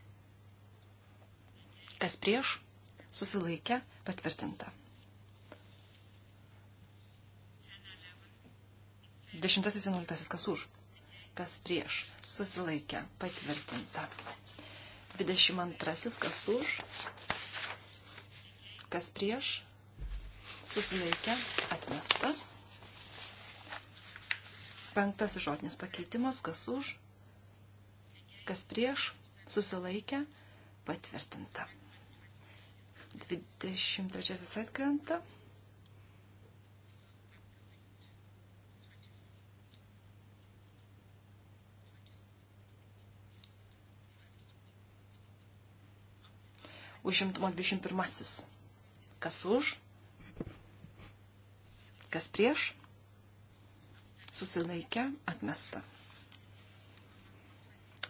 kas prieš, susilaikė patvirtinta. 10-11 kas už, kas prieš, susilaikė patvirtinta. 22 kas už, kas prieš, susilaikė, atmesta. Penktas žodinis pakeitimas, kas už, kas prieš, susilaikė, patvirtinta. 23 atkrenta. užimtumo 21. Kas už? Kas prieš? Susilaikę atmesta.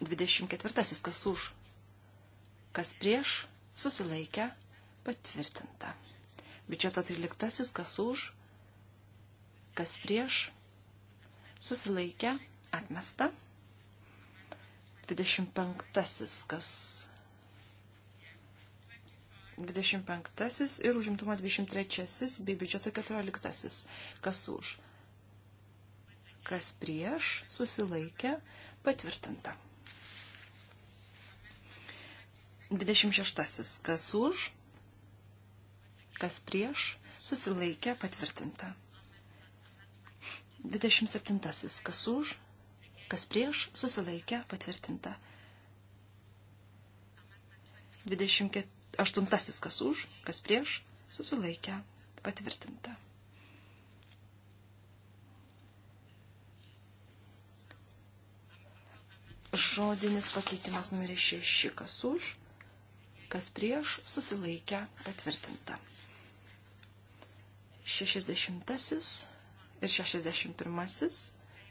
24. Kas už? Kas prieš? Susilaikę patvirtinta. Biudžeto 13. Kas už? Kas prieš? Susilaikę atmesta. 25. Kas 25 ir užimtumo 23 bei biudžeto 14. Kas už? Kas prieš? Susilaikė. Patvirtinta. 26. Kas už? Kas prieš? Susilaikė. Patvirtinta. 27. Kas už? Kas prieš? Susilaikė. Patvirtinta. 24 aštuntasis kas už, kas prieš, susilaikę, patvirtinta. Žodinis pakeitimas numeris 6, kas už, kas prieš, susilaikę, patvirtinta. 60 ir 61,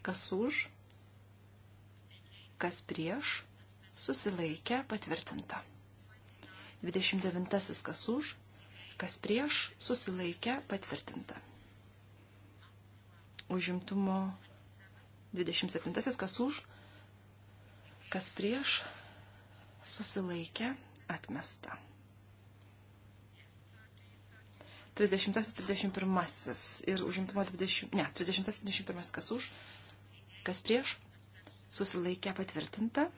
kas už, kas prieš, susilaikę, patvirtinta. 29 kas už, kas prieš, susilaikė patvirtinta. Užimtumo 27 kas už, kas prieš, susilaikė atmesta. 30-31 ir užimtumo 20, ne, 30-31 kas už, kas prieš, susilaikė patvirtinta.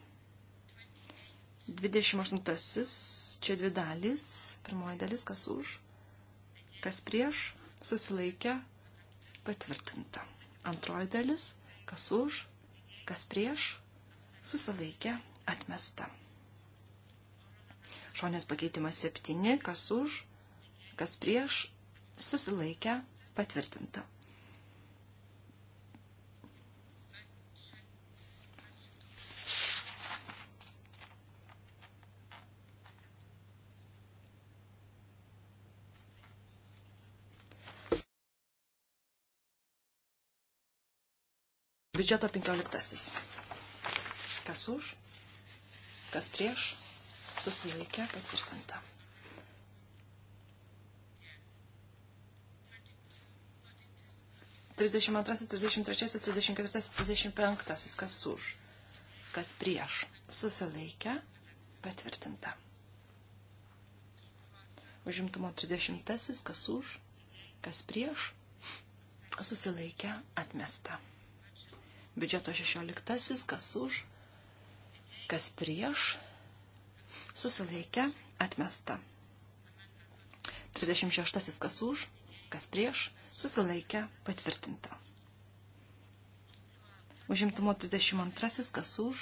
28. Čia dvi dalys. Pirmoji dalis, kas už, kas prieš, susilaikė, patvirtinta. Antroji dalis, kas už, kas prieš, susilaikė, atmesta. Šonės pakeitimas 7, kas už, kas prieš, susilaikė, patvirtinta. Biudžeto 15. Kas už, kas prieš, susilaikė patvirtinta. Trisdešimt antrasis, trisdešimt trečiasis, trisdešimt ketvirtasis, trisdešimt penktasis, kas už, kas prieš, susilaikė patvirtinta. Užimtumo trisdešimtasis, kas už, kas prieš, susilaikė atmesta. Biudžeto 16, kas už, kas prieš, susilaikė, atmesta. 36, kas už, kas prieš, susilaikė, patvirtinta. Užimtumo 32, kas už,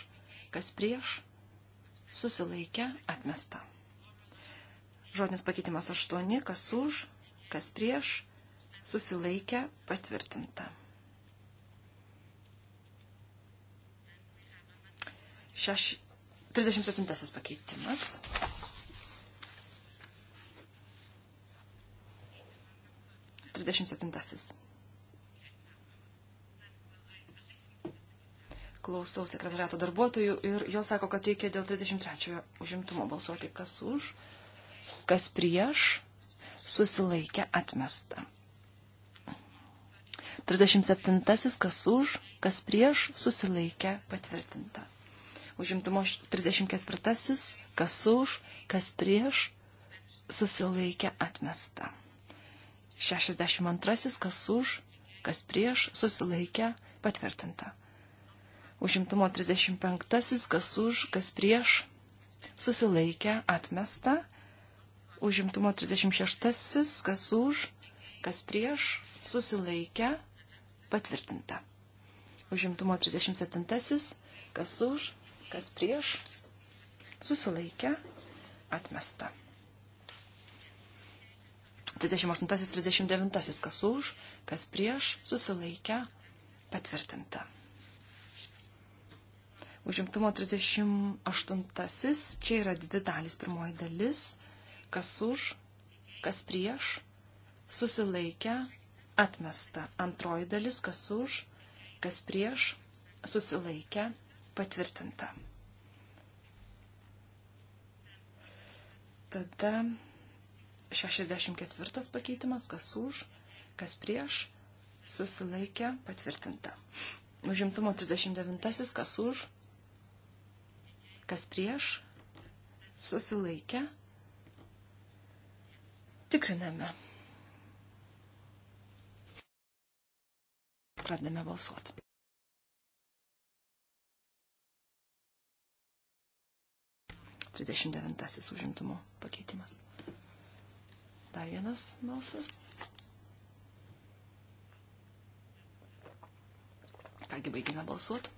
kas prieš, susilaikė, atmesta. Žodinis pakeitimas 8, kas už, kas prieš, susilaikė, patvirtinta. Šeš... 37 pakeitimas. Trisdešimt septintasis. klausau sekretariato darbuotojų ir jo sako, kad reikia dėl 33 užimtumo balsuoti, kas už, kas prieš, susilaikę atmestą. 37. kas už, kas prieš, susilaikę patvirtinta. Užimtumo 34. Kas už, kas prieš, susilaikė atmesta. 62. Kas už, kas prieš, susilaikė patvirtinta. Užimtumo 35. Kas už, kas prieš, susilaikė atmesta. Užimtumo 36. Kas už, kas prieš, susilaikė patvirtinta. Užimtumo 37. Kas už, kas prieš, susilaikė, atmesta. 38-39, kas už, kas prieš, susilaikę, patvirtinta. Užimtumo 38, čia yra dvi dalys. Pirmoji dalis, kas už, kas prieš, susilaikę, atmesta. Antroji dalis, kas už, kas prieš, susilaikę, Patvirtinta. Tada 64 pakeitimas, kas už, kas prieš, susilaikė, patvirtinta. Užimtumo 39, kas už, kas prieš, susilaikė, tikriname. Pradame balsuoti. 39 užimtumo pakeitimas. Dar vienas balsas. Kągi baigime balsuoti.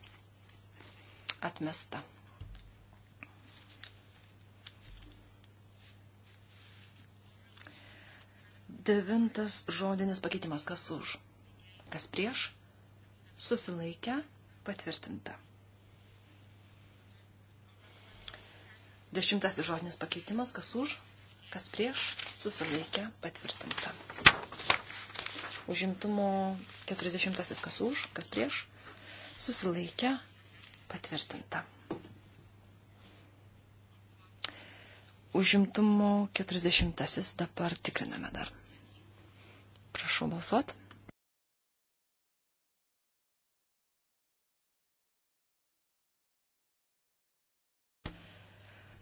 Atmesta. Devintas žodinis pakeitimas. Kas už? Kas prieš? Susilaikę. Patvirtinta. Dešimtasis žodinis pakeitimas, kas už, kas prieš, susilaikė patvirtinta. Užimtumo 40 kas už, kas prieš, susilaikė patvirtinta. Užimtumo 40 dabar tikriname dar. Prašau balsuoti.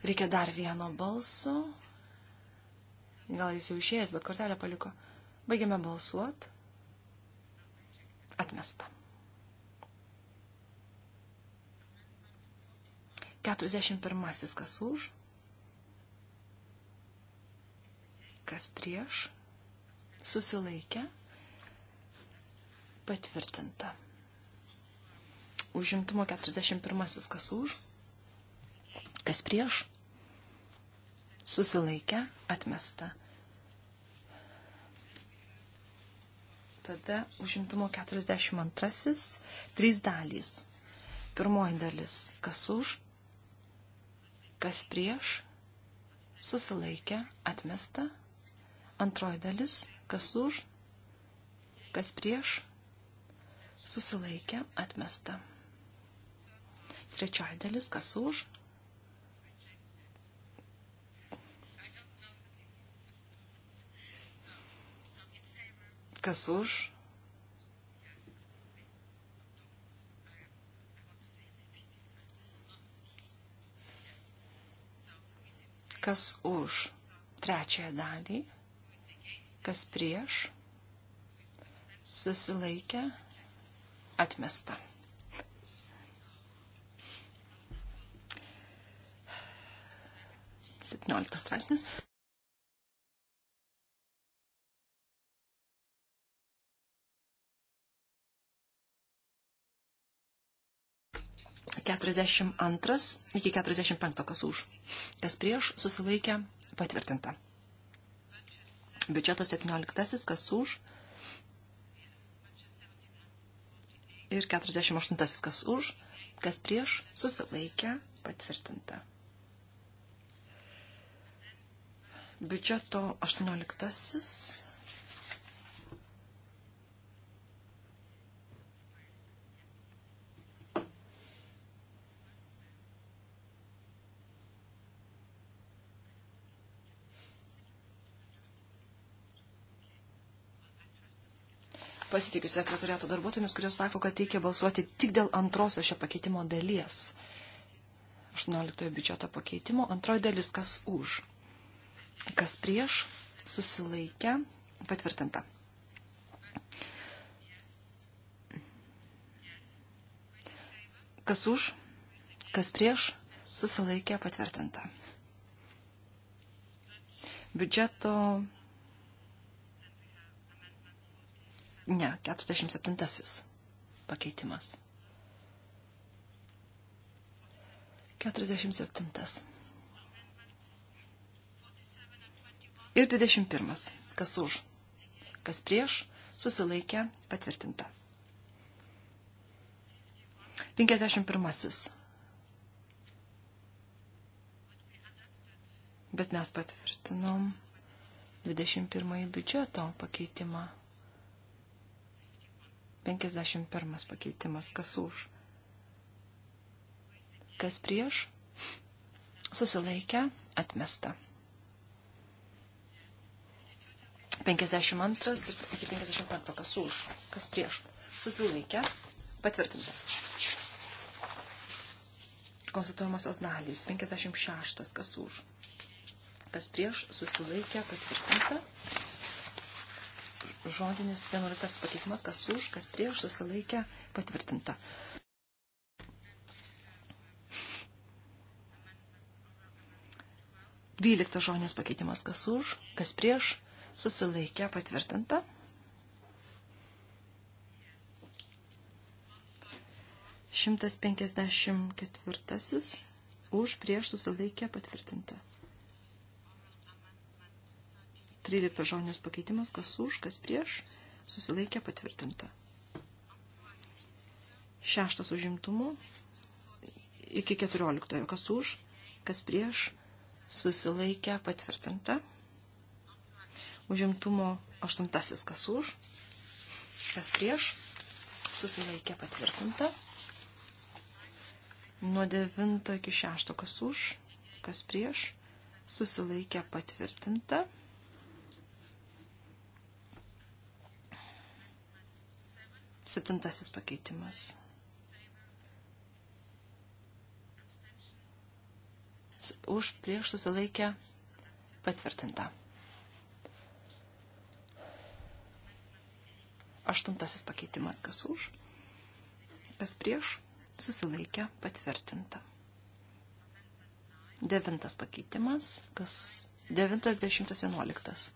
Reikia dar vieno balso. Gal jis jau išėjęs, bet kortelę paliko. Baigiame balsuot. Atmesta. 41. Kas už? Kas prieš? Susilaikę? Patvirtinta. Užimtumo 41. Kas už? Kas prieš? susilaikę, atmesta. Tada užimtumo 42, trys dalys. Pirmoji dalis, kas už, kas prieš, susilaikę, atmesta. Antroji dalis, kas už, kas prieš, susilaikę, atmesta. Trečioji dalis, kas už, kas už. Kas už trečiąją dalį, kas prieš, susilaikę, atmesta. Septynioliktas straipsnis. 42 iki 45 kas už. Kas prieš susilaikė patvirtinta. Biudžeto 17 kas už. Ir 48 kas už. Kas prieš susilaikė patvirtinta. Biudžeto 18 pasitikiu sekretoriato darbuotojams, kurios sako, kad reikia balsuoti tik dėl antrosios šio pakeitimo dalies. 18 biudžeto pakeitimo. Antroji dalis, kas už. Kas prieš, susilaikę, patvirtinta. Kas už, kas prieš, susilaikė patvirtinta. Biudžeto Ne, 47 pakeitimas. 47. Ir 21. Kas už, kas prieš, susilaikė, patvirtinta. 51. Bet mes patvirtinom 21 biudžeto pakeitimą. 51 pakeitimas. Kas už? Kas prieš? Susilaikę, atmesta. 52 ir iki 55. Kas už? Kas prieš? Susilaikę, patvirtinta. Konstatuojamosios dalys. 56. Kas už? Kas prieš? Susilaikę, patvirtinta žodinis 11 pakeitimas, kas už, kas prieš, susilaikė, patvirtinta. Dvyliktas žodis pakeitimas, kas už, kas prieš, susilaikė, patvirtinta. Šimtas penkiasdešimt ketvirtasis, už, prieš, susilaikė, patvirtinta. 13 žoninis pakeitimas, kas už, kas prieš, susilaikė patvirtinta. Šeštas užimtumu iki 14, kas už, kas prieš, susilaikė patvirtinta. Užimtumo aštuntasis, kas už, kas prieš, susilaikė patvirtinta. Nuo 9 iki 6, kas už, kas prieš, susilaikė patvirtinta. Septintasis pakeitimas. Už prieš susilaikę patvirtinta. Aštuntasis pakeitimas. Kas už? Kas prieš? Susilaikę patvirtinta. Devintas pakeitimas. Kas? Devintas, dešimtas, vienuoliktas.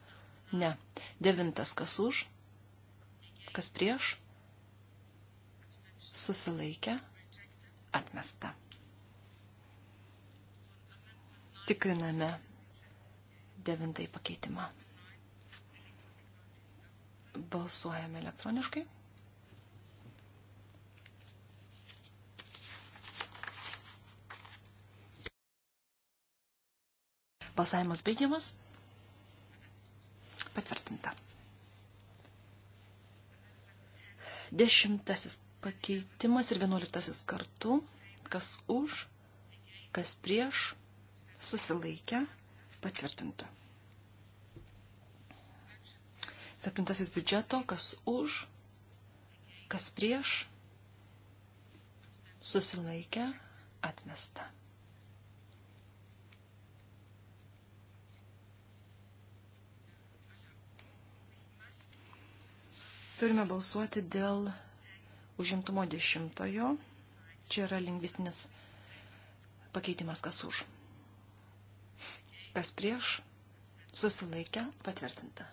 Ne. Devintas kas už? Kas prieš? susilaikė, atmesta. Tikriname devintąjį pakeitimą. Balsuojame elektroniškai. Balsavimas baigiamas. Patvirtinta. Dešimtasis pakeitimas ir vienuoliktasis kartu, kas už, kas prieš, susilaikę, patvirtinta. Septintasis biudžeto, kas už, kas prieš, susilaikę, atmesta. Turime balsuoti dėl užimtumo dešimtojo. Čia yra lingvistinis pakeitimas kas už. Kas prieš, susilaikę, patvirtinta.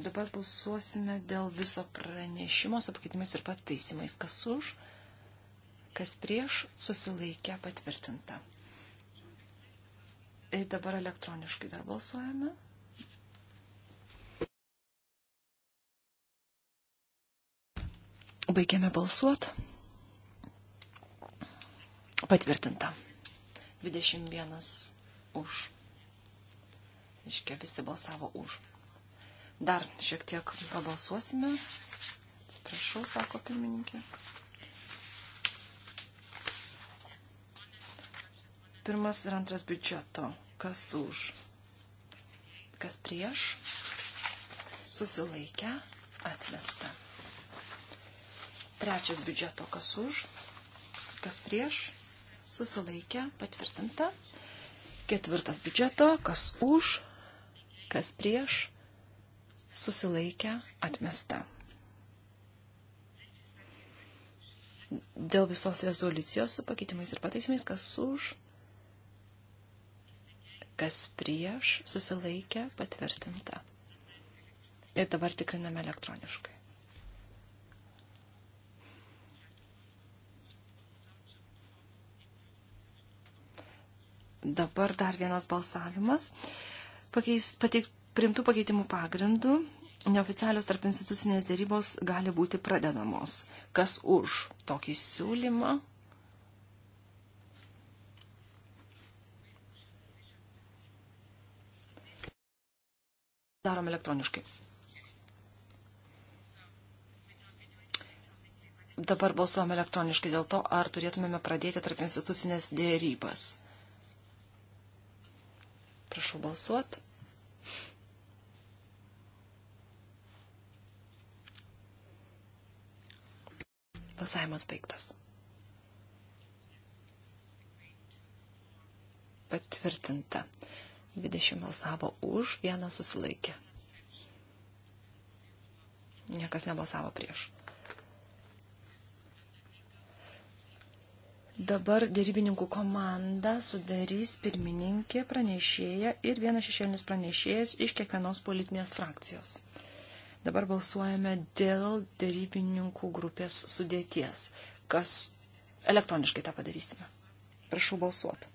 Dabar balsuosime dėl viso pranešimo su pakeitimais ir pataisimais. Kas už, kas prieš, susilaikę, patvirtinta. Ir dabar elektroniškai dar balsuojame. Baigiame balsuot. Patvirtinta. 21 už. Iškia, visi balsavo už. Dar šiek tiek pabalsuosime. Atsiprašau, sako pirmininkė. Pirmas ir antras biudžeto. Kas už? Kas prieš? Susilaikę? Atmesta. Trečias biudžeto, kas už, kas prieš, susilaikė, patvirtinta. Ketvirtas biudžeto, kas už, kas prieš, susilaikė, atmesta. Dėl visos rezoliucijos su pakeitimais ir pataisimais, kas už, kas prieš, susilaikė, patvirtinta. Ir dabar tikriname elektroniškai. Dabar dar vienas balsavimas. Pakeis, pateik, primtų pakeitimų pagrindų neoficialios tarp institucinės dėrybos gali būti pradedamos. Kas už tokį siūlymą? Darom elektroniškai. Dabar balsuom elektroniškai dėl to, ar turėtumėme pradėti tarp institucinės dėrybas. Prašau balsuoti. Balsavimas baigtas. Patvirtinta. 20 balsavo už, vienas susilaikė. Niekas nebalsavo prieš. Dabar dėrybininkų komanda sudarys pirmininkė, pranešėja ir vienas šešėlinis pranešėjas iš kiekvienos politinės frakcijos. Dabar balsuojame dėl dėrybininkų grupės sudėties, kas elektroniškai tą padarysime. Prašau balsuoti.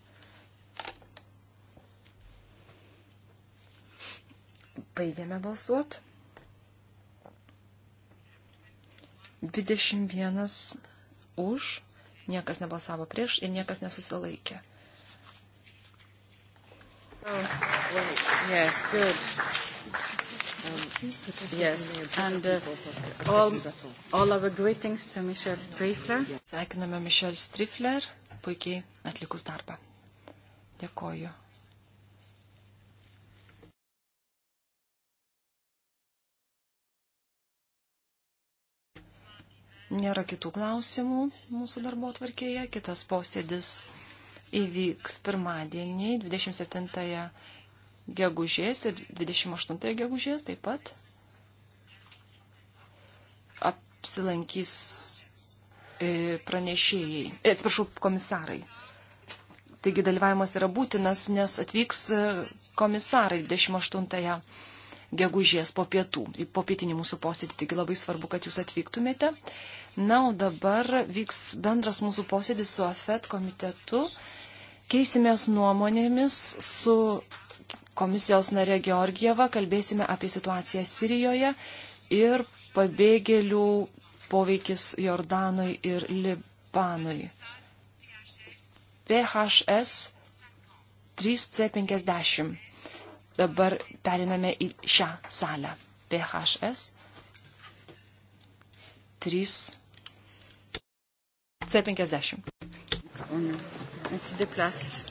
Baigiame balsuoti. 21 už, Niekas nebalsavo prieš ir niekas nesusilaikė. Oh, wait. Yes, good. Um, yes, and uh, all, all our greetings to Michelle Strifler. Sveikiname Michelle Strifler, puikiai atlikus darbą. Dėkoju. Nėra kitų klausimų mūsų darbo tvarkėje. Kitas posėdis įvyks pirmadienį 27 gegužės ir 28 gegužės taip pat. Apsilankys e, pranešėjai, e, atsiprašau, komisarai. Taigi dalyvavimas yra būtinas, nes atvyks e, komisarai 28 gegužės po pietų, į popietinį mūsų posėdį, taigi labai svarbu, kad jūs atvyktumėte. Na, o dabar vyks bendras mūsų posėdis su AFET komitetu. Keisimės nuomonėmis su komisijos narė Georgieva, kalbėsime apie situaciją Sirijoje ir pabėgėlių poveikis Jordanui ir Libanui. PHS 3C50. Dabar periname į šią salę. PHS 3C50. C50. On, on se déplace.